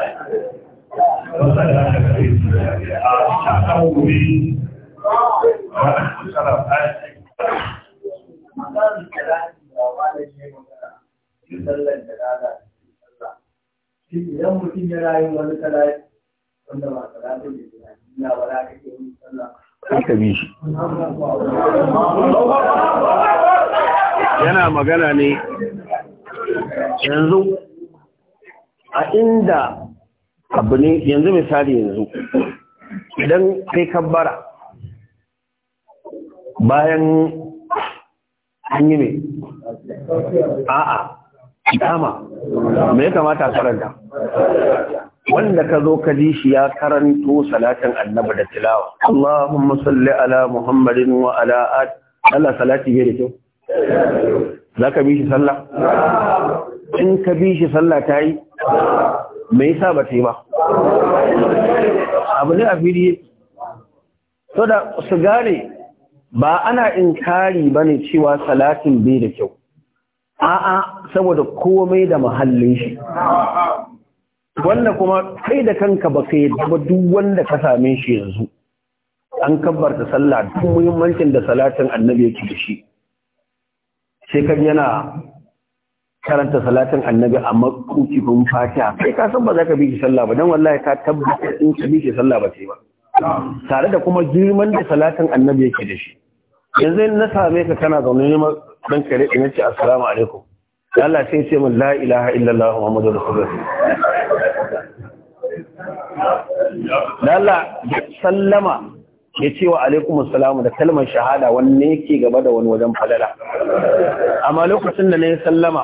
yana magana ne yanzu a inda abu ne yanzu misali yanzu idan kai kabbara bayan an yi mai a'a dama me kamata karanta wanda ka zo ka ji shi ya karanto salatin annabi da tilawa Allahumma salli ala Muhammadin wa ala Allah salati bai da kyau ka bi shi sallah in ka bi shi sallah ta yi me yasa ba ta yi ba abu ne a fili so da su gane ba ana inkari bane cewa salatin bai da kyau a'a saboda komai da mahallin shi wanda kuma kai da kanka ba ka yadda ba duk wanda ka same shi yanzu an kabbarta sallah duk muhimmancin da salatin annabi yake da shi sai yana karanta salatin annabi a kun fatiha sai ka san ba za ka bi shi sallah ba dan wallahi ka tabbata in ka bi shi sallah ba sai ba tare da kuma girman da salatin annabi yake da shi yanzu na same ka kana zaune ne dan kare ina ce assalamu alaikum Allah sai ce min la ilaha illallah muhammadur rasulullah Allah sallama ya ce wa alaikum assalam da kalmar shahada wanne yake gaba da wani wajen falala amma lokacin da na yi sallama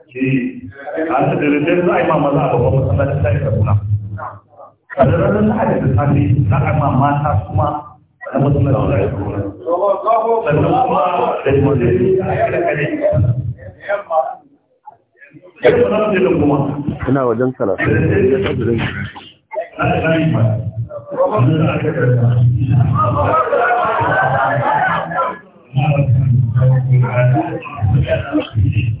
a da daddare za a yi mamma za a babban masallacin da kuna a da za a yi mamma ta kuma na sannan kuma da a kare ina wajen kala Thank you.